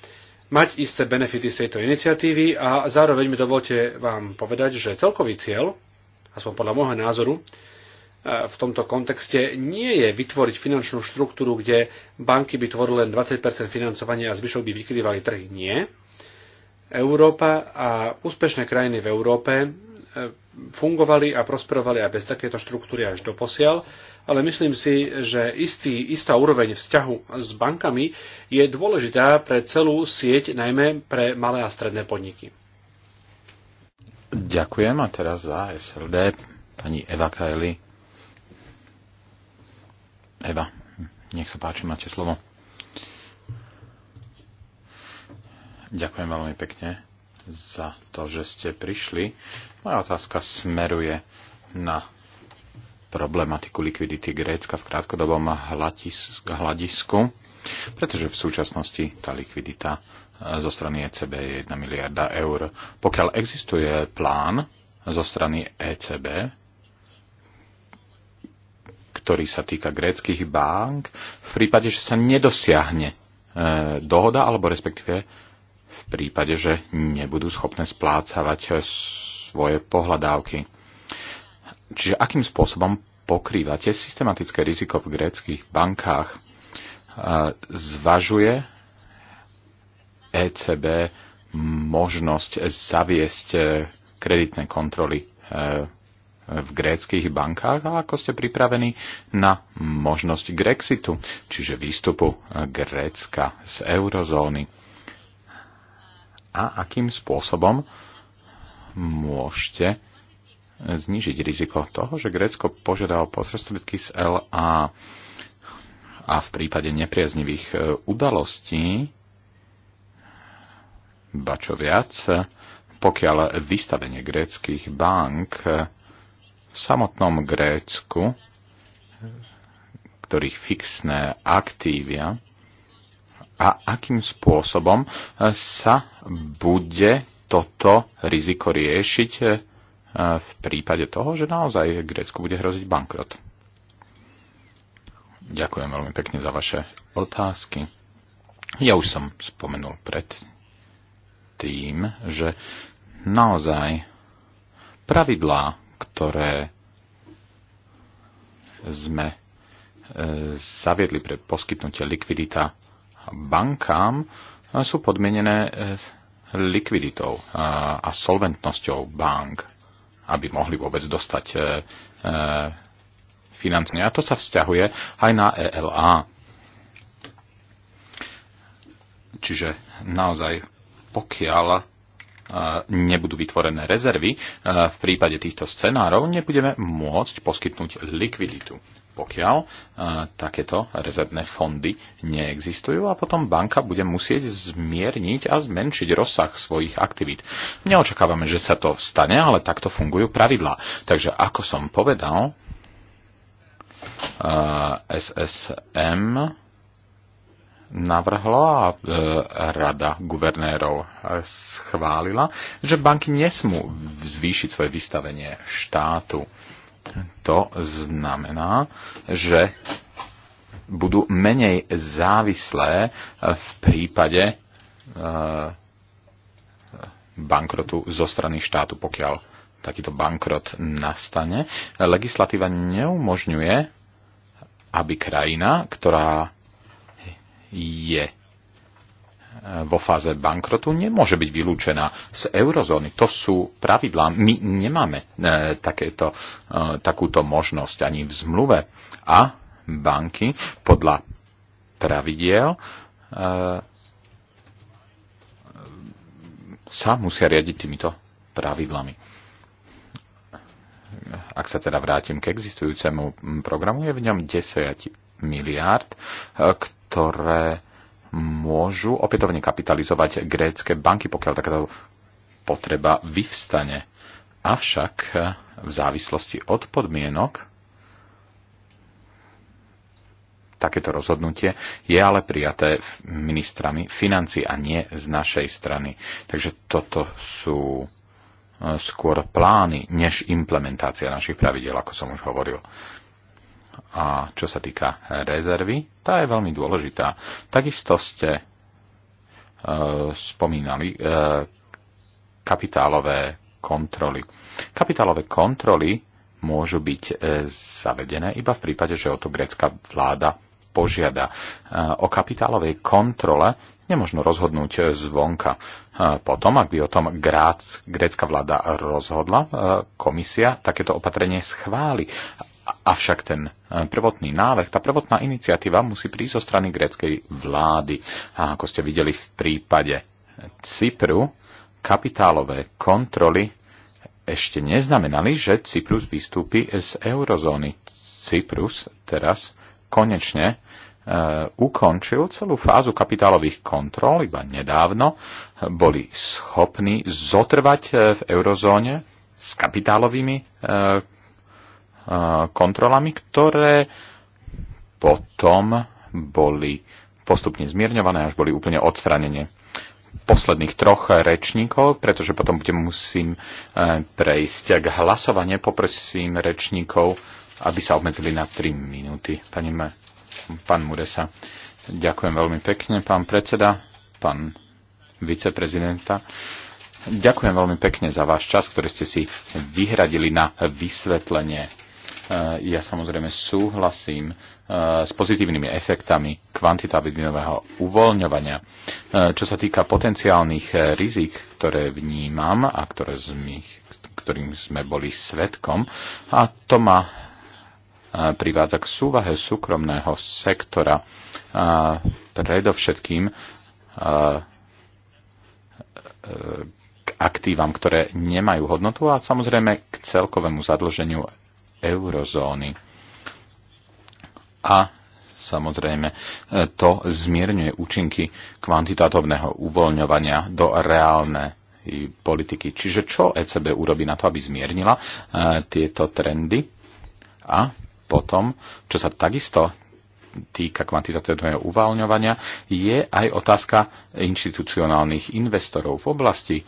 S3: mať isté benefity z tejto iniciatívy a zároveň mi dovolte vám povedať, že celkový cieľ, aspoň podľa môjho názoru, E, v tomto kontexte nie je vytvoriť finančnú štruktúru, kde banky by tvorili len 20 financovania a zvyšok by vykrývali trhy. Nie. Európa a úspešné krajiny v Európe e, fungovali a prosperovali aj bez takéto štruktúry až do posiaľ, ale myslím si, že istý, istá úroveň vzťahu s bankami je dôležitá pre celú sieť, najmä pre malé a stredné podniky.
S4: Ďakujem a teraz za SLD pani Eva Kaeli. Eva, nech sa páči, máte slovo. Ďakujem veľmi pekne za to, že ste prišli. Moja otázka smeruje na problematiku likvidity Grécka v krátkodobom hľadisku, pretože v súčasnosti tá likvidita eh, zo strany ECB je 1 miliarda eur. Pokiaľ existuje plán zo strany ECB, ktorý sa týka gréckých bank, v prípade, že sa nedosiahne e, dohoda, alebo respektíve v prípade, že nebudú schopné splácavať e, svoje pohľadávky. Čiže akým spôsobom pokrývate systematické riziko v gréckých bankách? E, zvažuje ECB možnosť zaviesť kreditné kontroly v gréckých bankách a ako ste pripravení na možnosť Grexitu, čiže výstupu Grécka z eurozóny. A akým spôsobom môžete znižiť riziko toho, že Grécko požiada o prostriedky z LA a v prípade nepriaznivých e, udalostí, ba čo viac, pokiaľ vystavenie gréckých bank e, v samotnom Grécku, ktorých fixné aktívia a akým spôsobom sa bude toto riziko riešiť e, v prípade toho, že naozaj Grécku bude hroziť bankrot. Ďakujem veľmi pekne za vaše otázky. Ja už som spomenul pred tým, že naozaj pravidlá ktoré sme e, zaviedli pre poskytnutie likvidita bankám, e, sú podmienené e, likviditou a solventnosťou bank, aby mohli vôbec dostať financie. A to sa vzťahuje aj na ELA. Čiže naozaj pokiaľ nebudú vytvorené rezervy, v prípade týchto scenárov nebudeme môcť poskytnúť likviditu pokiaľ takéto rezervné fondy neexistujú a potom banka bude musieť zmierniť a zmenšiť rozsah svojich aktivít. Neočakávame, že sa to stane, ale takto fungujú pravidlá. Takže ako som povedal, SSM navrhlo a e, rada guvernérov schválila, že banky nesmú zvýšiť svoje vystavenie štátu. To znamená, že budú menej závislé v prípade e, bankrotu zo strany štátu, pokiaľ takýto bankrot nastane. Legislatíva neumožňuje, aby krajina, ktorá je e, vo fáze bankrotu, nemôže byť vylúčená z eurozóny. To sú pravidlá. My nemáme e, takéto, e, takúto možnosť ani v zmluve. A banky podľa pravidiel sa musia riadiť týmito pravidlami. Ak sa teda vrátim k existujúcemu programu, je v ňom 10 miliárd, ktoré môžu opätovne kapitalizovať grécké banky, pokiaľ takáto potreba vyvstane. Avšak eh, v závislosti od podmienok takéto rozhodnutie je ale prijaté ministrami financí a nie z našej strany. Takže toto sú eh, skôr plány než implementácia našich pravidel, ako som už hovoril. A čo sa týka rezervy, tá je veľmi dôležitá. Takisto ste e, spomínali e, kapitálové kontroly. Kapitálové kontroly môžu byť e, zavedené iba v prípade, že o to grécka vláda požiada. E, o kapitálovej kontrole nemôžno rozhodnúť zvonka. E, potom, ak by o tom grécka vláda rozhodla, e, komisia takéto opatrenie schváli. Avšak ten eh, prvotný návrh, tá prvotná iniciatíva musí prísť zo strany gréckej vlády. A ako ste videli v prípade Cypru, kapitálové kontroly ešte neznamenali, že Cyprus vystúpi z eurozóny. Cyprus teraz konečne eh, ukončil celú fázu kapitálových kontrol iba nedávno, boli schopní zotrvať eh, v eurozóne s kapitálovými kontrolami, ktoré potom boli postupne zmierňované, až boli úplne odstranenie posledných troch rečníkov, pretože potom budem musím e, prejsť k hlasovanie. Poprosím rečníkov, aby sa obmedzili na 3 minúty. Pani, pán Muresa, ďakujem veľmi pekne, pán predseda, pán viceprezidenta. Ďakujem veľmi pekne za váš čas, ktorý ste si vyhradili na vysvetlenie Eh, ja samozrejme súhlasím eh, s pozitívnymi efektami kvantitatívneho uvoľňovania. Eh, čo sa týka potenciálnych rizik, ktoré vnímam a ktoré sme, ktorým sme boli svetkom, a to ma privádza k súvahe súkromného sektora, a predovšetkým a, k aktívam, ktoré nemajú hodnotu a samozrejme k celkovému zadlženiu eurozóny. A samozrejme to zmierňuje účinky kvantitatívneho uvoľňovania do reálne politiky. Čiže čo ECB urobí na to, aby zmiernila eh, tieto trendy? A potom, čo sa takisto týka kvantitatívneho uvoľňovania, je aj otázka inštitucionálnych investorov v oblasti eh,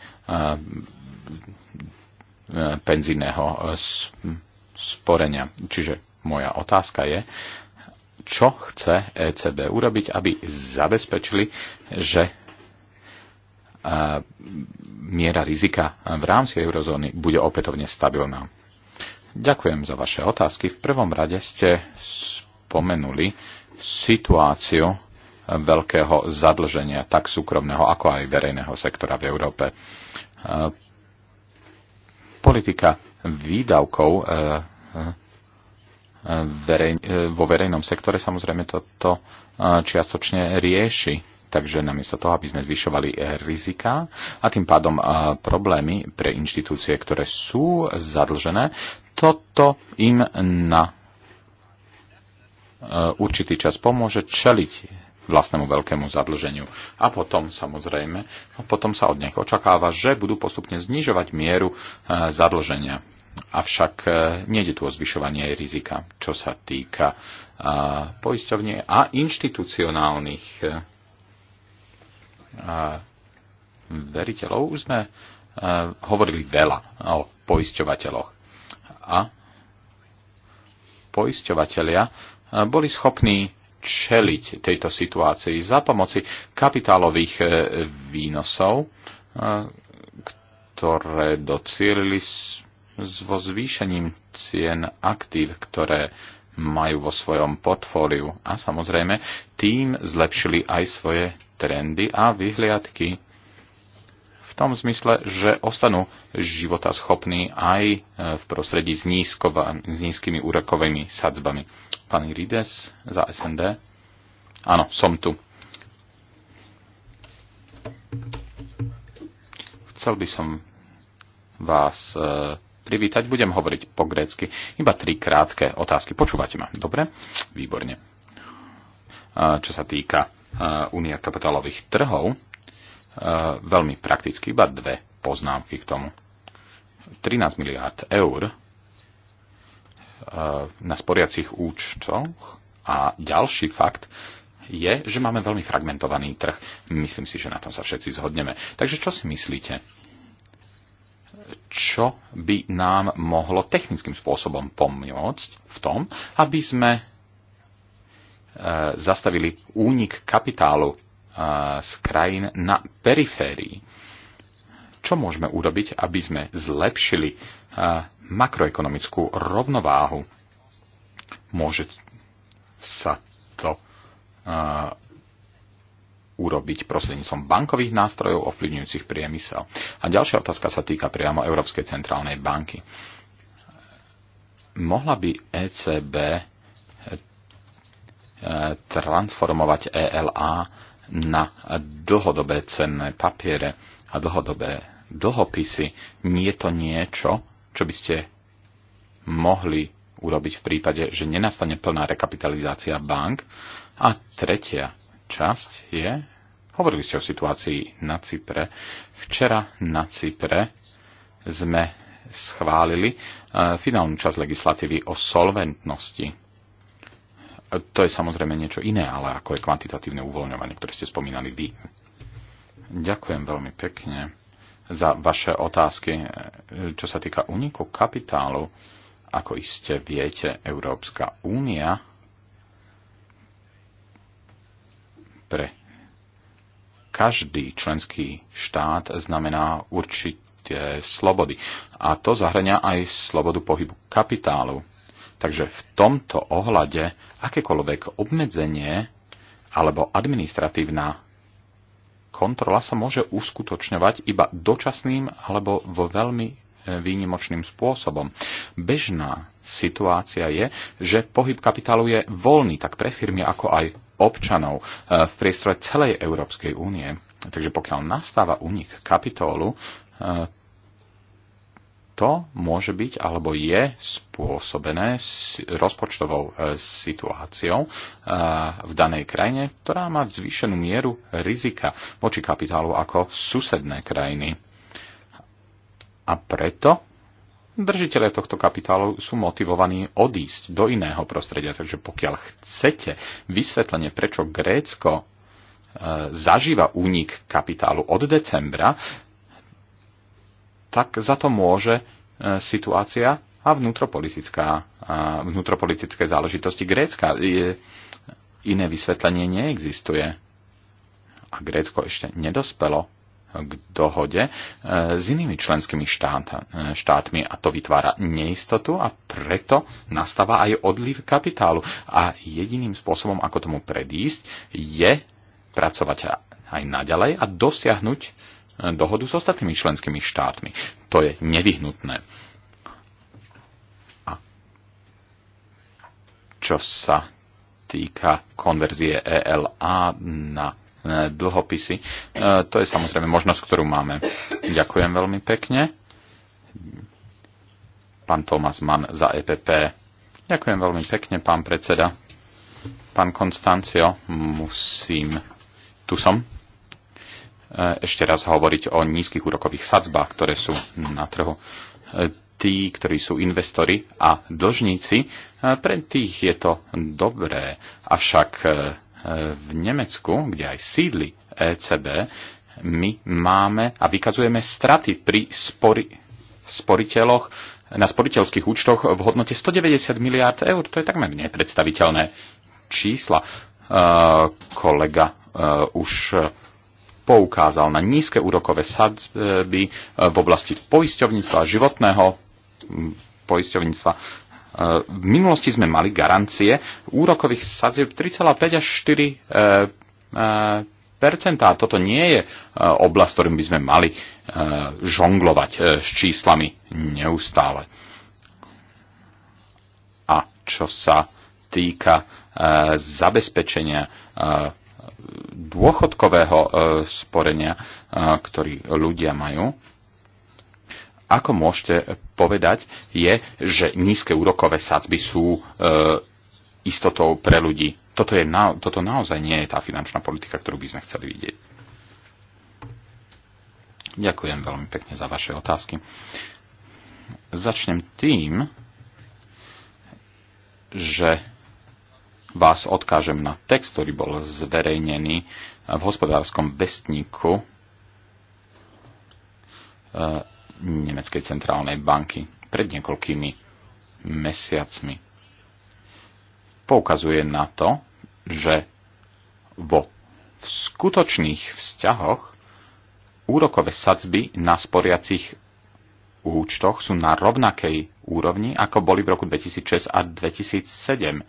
S4: penzijného eh, sporenia. Čiže moja otázka je, čo chce ECB urobiť, aby zabezpečili, že e, miera rizika v rámci eurozóny bude opätovne stabilná. Ďakujem za vaše otázky. V prvom rade ste spomenuli situáciu veľkého zadlženia tak súkromného, ako aj verejného sektora v Európe. E, politika výdavkov eh, eh, eh, vo verejnom sektore samozrejme toto čiastočne rieši. Takže namiesto toho, aby sme zvyšovali rizika a tým pádom problémy pre inštitúcie, ktoré sú zadlžené, toto im na určitý čas pomôže čeliť vlastnému veľkému zadlženiu. A potom samozrejme, potom sa od nich očakáva, že budú postupne znižovať mieru e, zadlženia. Avšak e, nejde tu o zvyšovanie rizika, čo sa týka e, poisťovne a inštitucionálnych veriteľov. Už sme hovorili veľa o poisťovateľoch. A poisťovateľia boli schopní čeliť tejto situácii za pomoci kapitálových e, výnosov, e, ktoré docielili so zvýšením cien aktív, ktoré majú vo svojom portfóliu a samozrejme tým zlepšili aj svoje trendy a vyhliadky v tom zmysle, že ostanú života schopní aj e, v prostredí s, nízko, s nízkymi úrokovými sadzbami. Pán Rides za SND. Áno, som tu. Chcel by som vás e, privítať. Budem hovoriť po grécky. Iba tri krátke otázky. Počúvate ma? Dobre? Výborne. E, čo sa týka Únia e, kapitálových trhov, veľmi prakticky iba dve poznámky k tomu. 13 miliárd eur E, na sporiacich účtoch. A ďalší fakt je, že máme veľmi fragmentovaný trh. Myslím si, že na tom sa všetci zhodneme. Takže čo si myslíte? Čo by nám mohlo technickým spôsobom pomôcť v tom, aby sme e, zastavili únik kapitálu e, z krajín na periférii? čo môžeme urobiť, aby sme zlepšili makroekonomickú rovnováhu. Môže sa to urobiť prostredníctvom bankových nástrojov ovplyvňujúcich priemysel. A ďalšia otázka sa týka priamo Európskej centrálnej banky. Mohla by ECB e, transformovať ELA na dlhodobé cenné papiere a dlhodobé dlhopisy. Nie je to niečo, čo by ste mohli urobiť v prípade, že nenastane plná rekapitalizácia bank. A tretia časť je, hovorili ste o situácii na Cypre. Včera na Cypre sme schválili e, finálnu časť legislatívy o solventnosti to je samozrejme niečo iné, ale ako je kvantitatívne uvoľňovanie, ktoré ste spomínali vy. Ďakujem veľmi pekne za vaše otázky. E, čo sa týka úniku kapitálu, ako iste viete, Európska únia pre každý členský štát znamená určité slobody. A to zahrania aj slobodu pohybu kapitálu. Takže v tomto ohľade akékoľvek obmedzenie alebo administratívna kontrola sa môže uskutočňovať iba dočasným alebo vo veľmi e, výnimočným spôsobom. Bežná situácia je, že pohyb kapitálu je voľný tak pre firmy ako aj občanov e, v priestore celej Európskej únie. Takže pokiaľ nastáva únik kapitólu, e, to môže byť alebo je spôsobené rozpočtovou e, situáciou e, v danej krajine, ktorá má zvýšenú mieru rizika voči kapitálu ako susedné krajiny. A preto držiteľe tohto kapitálu sú motivovaní odísť do iného prostredia. Takže pokiaľ chcete vysvetlenie, prečo Grécko e, zažíva únik kapitálu od decembra, tak za to môže e, situácia a vnútropolitická, a vnútropolitické záležitosti Grécka. Je, iné vysvetlenie neexistuje. A Grécko ešte nedospelo k dohode e, s inými členskými štát, e, štátmi a to vytvára neistotu a preto nastáva aj odliv kapitálu. A jediným spôsobom, ako tomu predísť, je pracovať aj naďalej a dosiahnuť dohodu s ostatnými členskými štátmi. To je nevyhnutné. A čo sa týka konverzie ELA na e, dlhopisy, e, to je samozrejme možnosť, ktorú máme. Ďakujem veľmi pekne. Pán Tomas Mann za EPP. Ďakujem veľmi pekne, pán predseda. Pán Konstancio, musím... Tu som Eh, ešte raz hovoriť o nízkych úrokových sadzbách, ktoré sú na trhu. Eh, tí, ktorí sú investori a dlžníci, eh, pre tých je to dobré. Avšak v Nemecku, kde aj sídli ECB, my máme a vykazujeme straty pri spori, sporiteľoch na sporiteľských účtoch v hodnote 190 miliárd eur. To je takmer nepredstaviteľné čísla. kolega už poukázal na nízke úrokové sadzby e, v oblasti poisťovníctva životného poisťovníctva. E, v minulosti sme mali garancie úrokových sadzieb 3,5 až 4 e, percentá. Toto nie je oblasť, ktorým by sme mali žonglovať s číslami neustále. A čo sa týka zabezpečenia dôchodkového e, sporenia, e, ktorý ľudia majú, ako môžete povedať, je, že nízke úrokové sadzby sú e, istotou pre ľudí. Toto, je na, toto naozaj nie je tá finančná politika, ktorú by sme chceli vidieť. Ďakujem veľmi pekne za vaše otázky. Začnem tým, že vás odkážem na text, ktorý bol zverejnený v hospodárskom vestníku e, Nemeckej centrálnej banky pred niekoľkými mesiacmi. Poukazuje na to, že vo v skutočných vzťahoch úrokové sadzby na sporiacich účtoch sú na rovnakej úrovni, ako boli v roku 2006 a 2007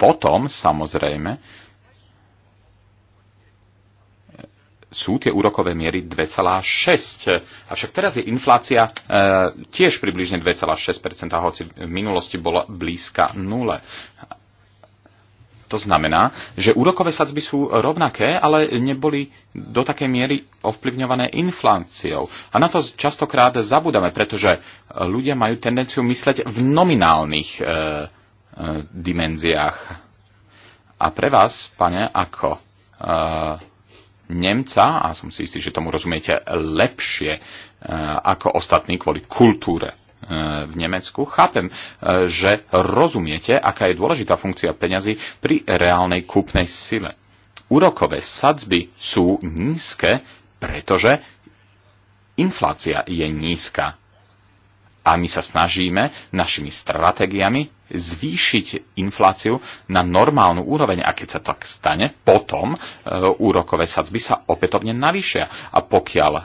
S4: potom samozrejme sú tie úrokové miery 2,6. Avšak teraz je inflácia e, tiež približne 2,6%, hoci v minulosti bola blízka nule. To znamená, že úrokové sadzby sú rovnaké, ale neboli do takej miery ovplyvňované infláciou. A na to častokrát zabudame, pretože ľudia majú tendenciu mysleť v nominálnych e, Eh, dimenziách. A pre vás, pane, ako eh, Nemca, a som si istý, že tomu rozumiete lepšie eh, ako ostatní kvôli kultúre v Nemecku, chápem, že rozumiete, aká je dôležitá funkcia peňazí pri reálnej kúpnej sile. Úrokové sadzby sú nízke, pretože inflácia je nízka. A my sa snažíme našimi stratégiami zvýšiť infláciu na normálnu úroveň. A keď sa tak stane, potom e, úrokové sadzby sa opätovne navýšia. A pokiaľ e, e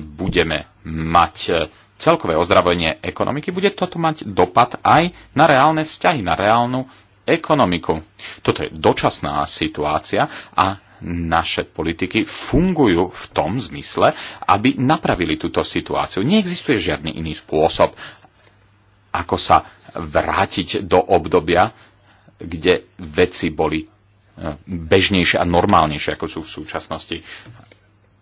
S4: budeme mať e, celkové ozdravenie ekonomiky, bude toto mať dopad aj na reálne vzťahy, na reálnu ekonomiku. Toto je dočasná situácia a naše politiky fungujú v tom zmysle, aby napravili túto situáciu. Neexistuje žiadny iný spôsob, ako sa vrátiť do obdobia, kde veci boli eh, bežnejšie a normálnejšie, ako sú v súčasnosti.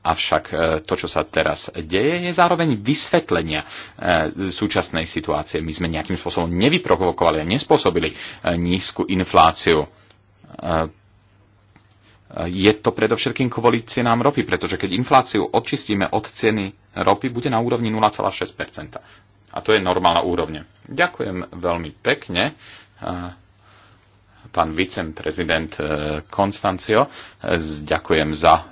S4: Avšak eh, to, čo sa teraz deje, je zároveň vysvetlenia eh, súčasnej situácie. My sme nejakým spôsobom nevyprovokovali a nespôsobili nízku infláciu je to predovšetkým kvôli cenám ropy, pretože keď infláciu odčistíme od ceny ropy, bude na úrovni 0,6 A to je normálna úrovne. Ďakujem veľmi pekne, e, pán viceprezident e, Konstancio. E, ďakujem za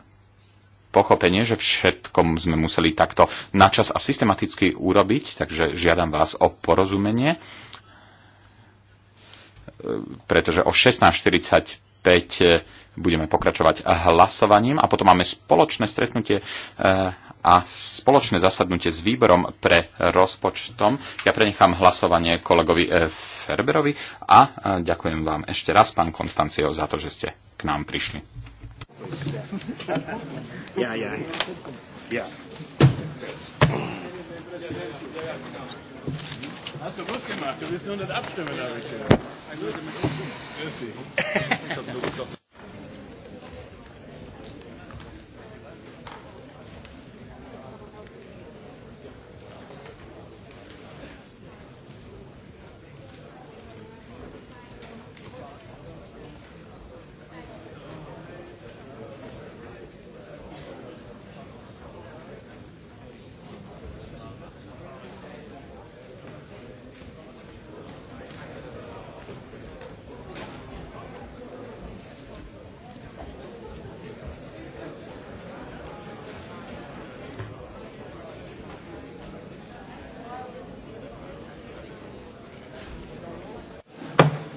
S4: pochopenie, že všetkom sme museli takto načas a systematicky urobiť, takže žiadam vás o porozumenie pretože o E, budeme pokračovať hlasovaním a potom máme spoločné stretnutie e, a spoločné zasadnutie s výborom pre rozpočtom. Ja prenechám hlasovanie kolegovi e, Ferberovi a ďakujem vám ešte raz, pán Konstancio, za to, že ste k nám prišli.
S1: Ja, ja. Ja. hast du gut gemacht. Du bist nur nicht Abstimmen, habe ich gehört.
S3: Grüß
S4: dich.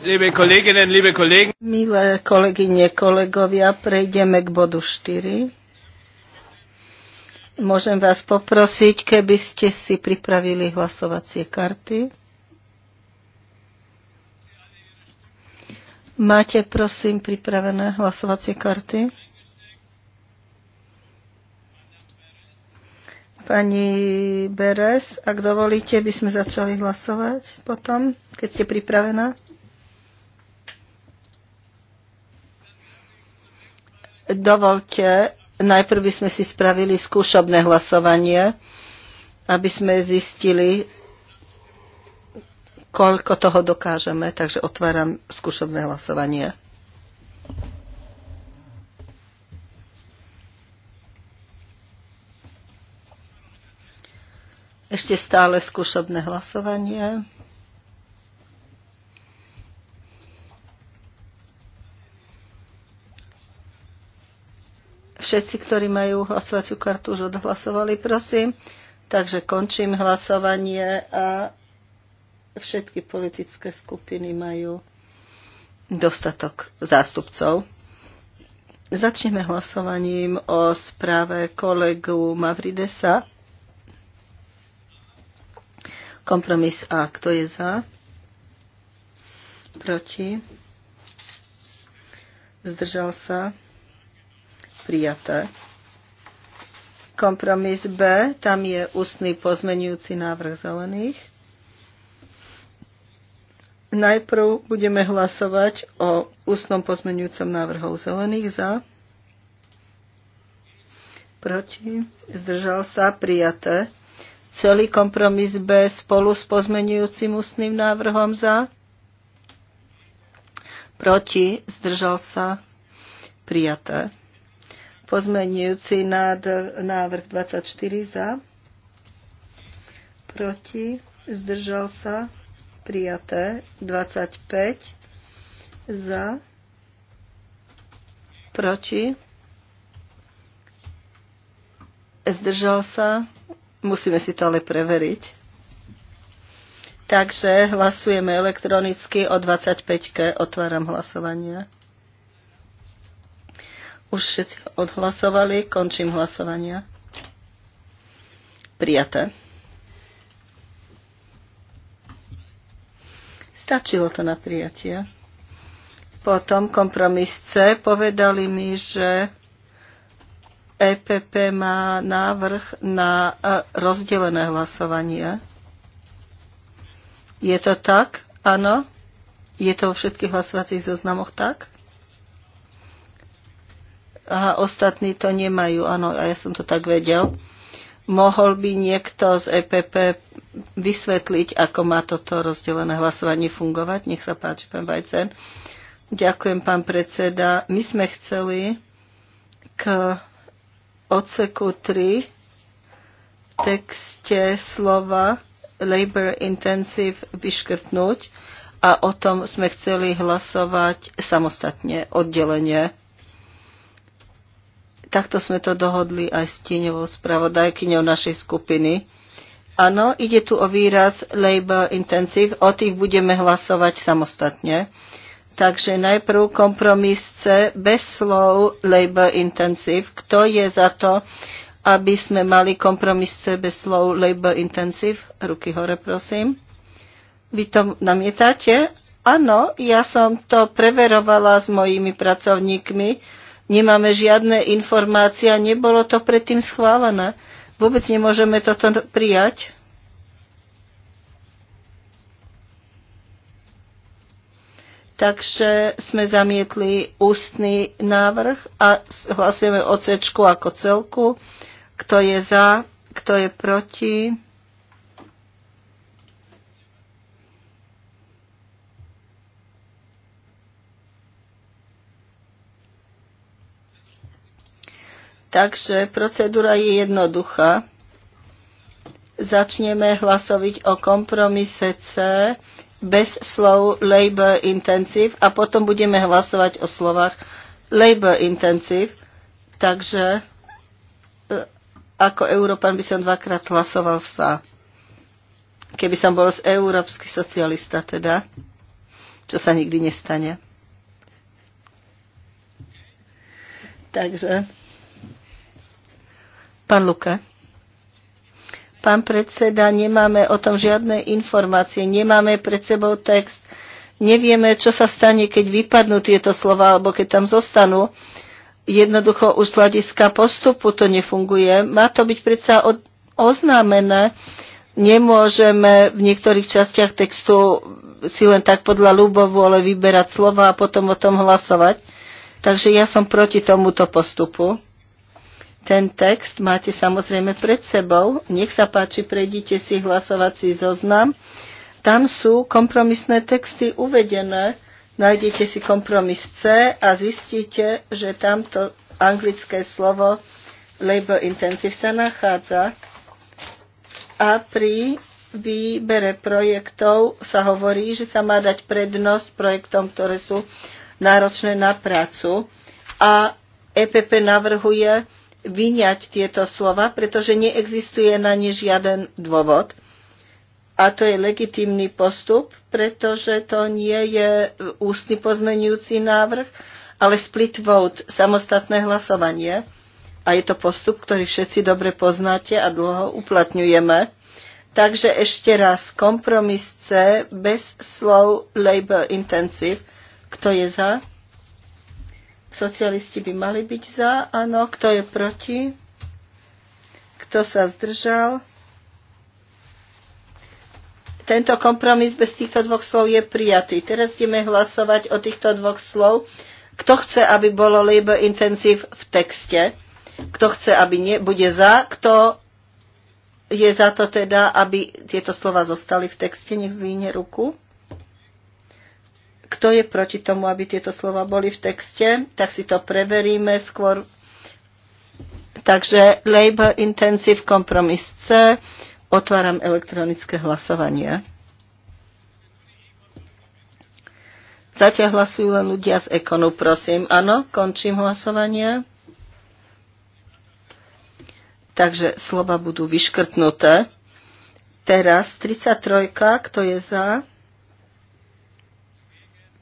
S3: liebe Kolleginnen, liebe Kollegen.
S2: Milé kolegyne, kolegovia, prejdeme k bodu 4. Môžem vás poprosiť, keby ste si pripravili hlasovacie karty. Máte, prosím, pripravené hlasovacie karty? Pani Beres, ak dovolíte, by sme začali hlasovať potom, keď ste pripravená. Dovolte, najprv by sme si spravili skúšobné hlasovanie, aby sme zistili, koľko toho dokážeme. Takže otváram skúšobné hlasovanie. Ešte stále skúšobné hlasovanie. Všetci, ktorí majú hlasovaciu kartu, už odhlasovali, prosím. Takže končím hlasovanie a všetky politické skupiny majú dostatok zástupcov. Začneme hlasovaním o správe kolegu Mavridesa. Kompromis A. Kto je za? Proti? Zdržal sa? prijaté. Kompromis B, tam je ústny pozmenujúci návrh zelených. Najprv budeme hlasovať o ústnom pozmenujúcom návrhu zelených za. Proti. Zdržal sa. Prijaté. Celý kompromis B spolu s pozmenujúcim ústnym návrhom za. Proti. Zdržal sa. Prijaté. Pozmenujúci návrh 24 za, proti, zdržal sa, prijaté 25 za, proti, zdržal sa, musíme si to ale preveriť. Takže hlasujeme elektronicky o 25. -ke. Otváram hlasovanie. Už všetci odhlasovali. Končím hlasovania. Prijaté. Stačilo to na prijatie. Potom kompromis C. Povedali mi, že EPP má návrh na e, rozdelené hlasovanie. Je to tak? Áno? Je to vo všetkých hlasovacích zoznamoch tak? Aha, ostatní to nemajú, áno, a ja som to tak vedel. Mohol by niekto z EPP vysvetliť, ako má toto rozdelené hlasovanie fungovať? Nech sa páči, pán Bajcen. Ďakujem, pán predseda. My sme chceli k odseku 3 v texte slova labor intensive vyškrtnúť a o tom sme chceli hlasovať samostatne, oddelenie takto sme to dohodli aj s tieňovou spravodajkyňou našej skupiny. Áno, ide tu o výraz labor intensive, o tých budeme hlasovať samostatne. Takže najprv kompromis C bez slov labor intensive. Kto je za to, aby sme mali kompromis C bez slov labor intensive? Ruky hore, prosím. Vy to namietate? Áno, ja som to preverovala s mojimi pracovníkmi nemáme žiadne informácie a nebolo to predtým schválené. Vôbec nemôžeme toto prijať. Takže sme zamietli ústny návrh a hlasujeme o C ako celku. Kto je za, kto je proti. Takže procedúra je jednoduchá. Začneme hlasoviť o kompromise C bez slov labor intensive a potom budeme hlasovať o slovách labor intensive. Takže e, ako Európan by som dvakrát hlasoval sa. Keby som bol z európsky socialista teda, čo sa nikdy nestane. Takže Pán Luka. Pán predseda, nemáme o tom žiadne informácie, nemáme pred sebou text, nevieme, čo sa stane, keď vypadnú tieto slova alebo keď tam zostanú. Jednoducho u sladiska postupu to nefunguje. Má to byť predsa oznámené. Nemôžeme v niektorých častiach textu si len tak podľa ľubovu, ale vyberať slova a potom o tom hlasovať. Takže ja som proti tomuto postupu. Ten text máte samozrejme pred sebou. Nech sa páči, prejdite si hlasovací zoznam. Tam sú kompromisné texty uvedené. Nájdete si kompromis C a zistíte, že tamto anglické slovo labor intensive sa nachádza. A pri výbere projektov sa hovorí, že sa má dať prednosť projektom, ktoré sú náročné na prácu. A EPP navrhuje vyňať tieto slova, pretože neexistuje na ne žiaden dôvod. A to je legitimný postup, pretože to nie je ústny pozmenujúci návrh, ale split vote, samostatné hlasovanie. A je to postup, ktorý všetci dobre poznáte a dlho uplatňujeme. Takže ešte raz kompromis C bez slov labor intensive. Kto je za? Socialisti by mali byť za. Áno, kto je proti? Kto sa zdržal? Tento kompromis bez týchto dvoch slov je prijatý. Teraz ideme hlasovať o týchto dvoch slov. Kto chce, aby bolo labor intenzív v texte? Kto chce, aby nie, bude za? Kto je za to teda, aby tieto slova zostali v texte? Nech zvíne ruku. Kto je proti tomu, aby tieto slova boli v texte? Tak si to preveríme skôr. Takže Labor Intensive Compromise C. Otváram elektronické hlasovanie. Zatiaľ hlasujú len ľudia z ekonu, prosím. Áno, končím hlasovanie. Takže slova budú vyškrtnuté. Teraz 33, kto je za?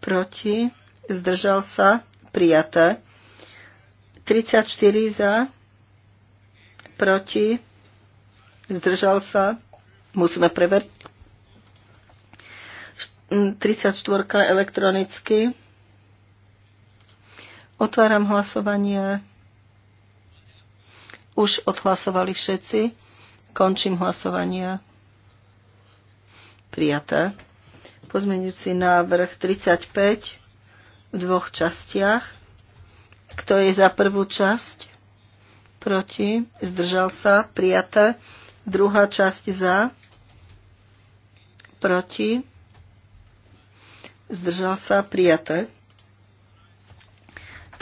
S2: proti, zdržal sa, prijaté. 34 za, proti, zdržal sa, musíme preveriť. 34 elektronicky. Otváram hlasovanie. Už odhlasovali všetci. Končím hlasovanie. Prijaté. Pozmeňujúci návrh 35 v dvoch častiach. Kto je za prvú časť? Proti? Zdržal sa? Prijaté. Druhá časť za? Proti? Zdržal sa? Prijaté.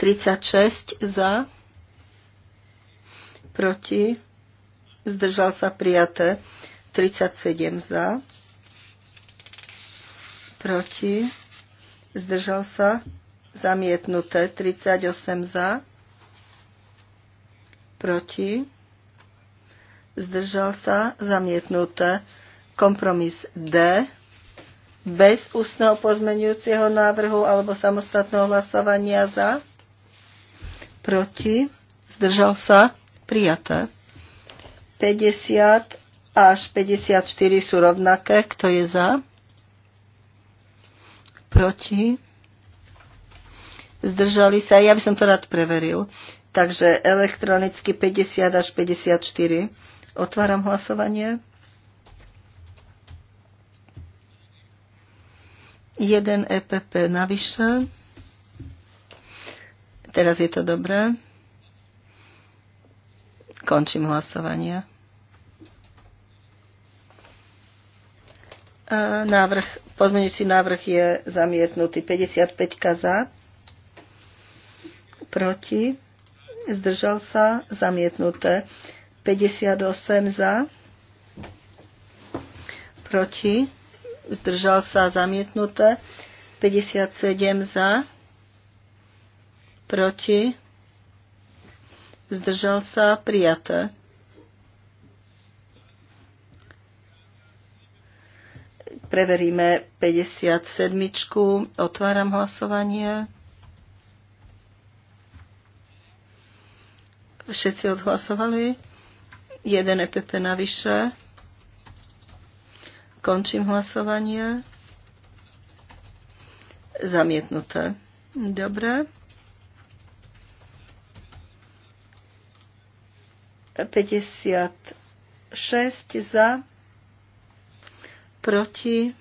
S2: 36 za? Proti? Zdržal sa? Prijaté. 37 za? proti, zdržal sa, zamietnuté 38 za, proti, zdržal sa, zamietnuté kompromis D bez ústneho pozmenujúceho návrhu alebo samostatného hlasovania za, proti, zdržal sa, prijaté. 50 až 54 sú rovnaké, kto je za? Proti? Zdržali sa? Ja by som to rád preveril. Takže elektronicky 50 až 54. Otváram hlasovanie. Jeden EPP navyše. Teraz je to dobré. Končím hlasovanie. Návrh, pozmeňujúci návrh je zamietnutý. 55 za, proti, zdržal sa, zamietnuté. 58 za, proti, zdržal sa, zamietnuté. 57 za, proti, zdržal sa, prijaté. preveríme 57. Otváram hlasovanie. Všetci odhlasovali. Jeden EPP navyše. Končím hlasovanie. Zamietnuté. Dobre. 56 za proti,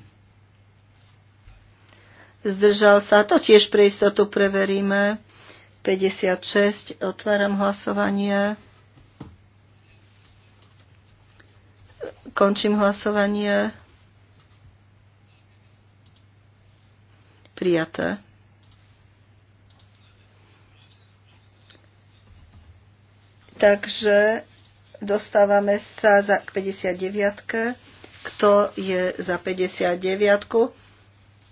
S2: zdržal sa. To tiež pre istotu preveríme. 56, otváram hlasovanie. Končím hlasovanie. Prijaté. Takže dostávame sa za 59. Kto je za 59?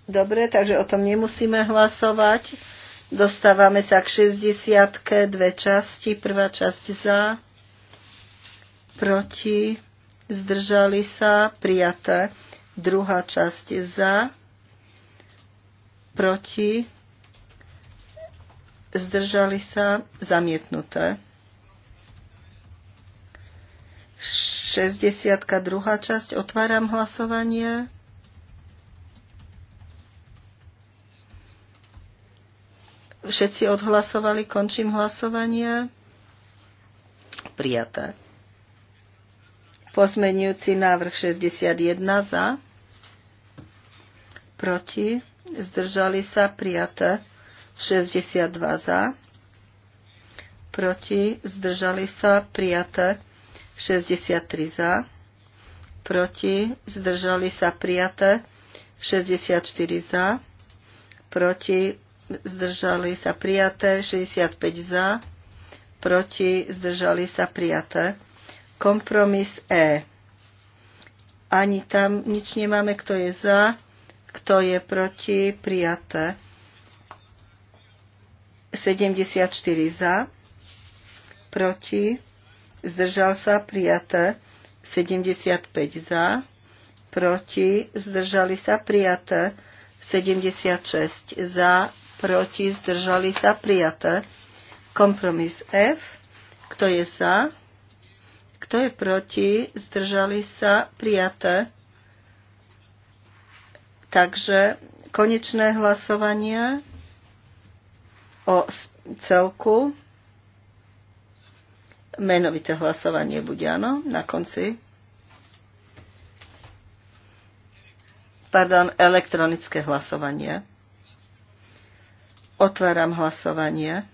S2: Dobre, takže o tom nemusíme hlasovať. Dostávame sa k 60. Dve časti. Prvá časť za, proti, zdržali sa, prijaté. Druhá časť za, proti, zdržali sa, zamietnuté. 62. časť. Otváram hlasovanie. Všetci odhlasovali, končím hlasovanie. Prijaté. Pozmenujúci návrh 61 za. Proti. Zdržali sa prijaté. 62 za. Proti. Zdržali sa prijaté. 63 za, proti, zdržali sa prijaté, 64 za, proti, zdržali sa prijaté, 65 za, proti, zdržali sa prijaté. Kompromis E. Ani tam nič nemáme, kto je za, kto je proti, prijaté. 74 za, proti, zdržal sa, prijaté. 75 za, proti, zdržali sa, prijaté. 76 za, proti, zdržali sa, prijaté. Kompromis F, kto je za, kto je proti, zdržali sa, prijaté. Takže konečné hlasovanie o celku menovité hlasovanie bude, áno, na konci. Pardon, elektronické hlasovanie. Otváram hlasovanie.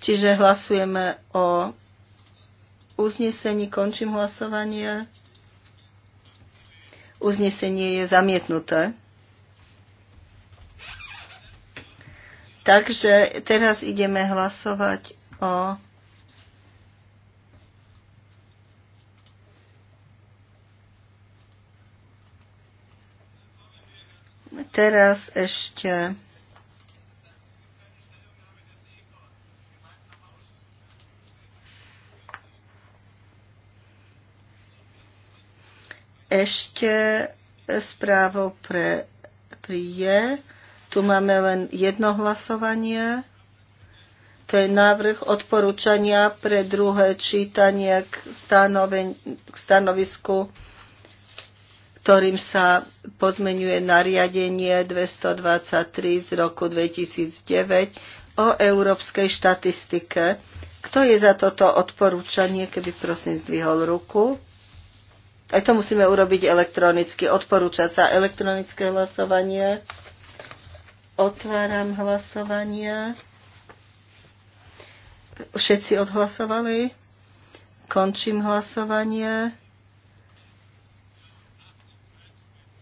S2: Čiže hlasujeme o uznesení, končím hlasovanie. Uznesenie je zamietnuté. Takže teraz ideme hlasovať o Teraz ešte ešte správo pre prie tu máme len jedno hlasovanie. To je návrh odporúčania pre druhé čítanie k, k stanovisku, ktorým sa pozmenuje nariadenie 223 z roku 2009 o európskej štatistike. Kto je za toto odporúčanie, keby prosím zdvihol ruku? Aj to musíme urobiť elektronicky. Odporúča sa elektronické hlasovanie. Otváram hlasovania. Všetci odhlasovali. Končím hlasovanie.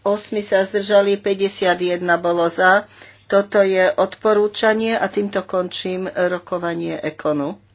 S2: 8 sa zdržali, 51 bolo za. Toto je odporúčanie a týmto končím rokovanie ekonu.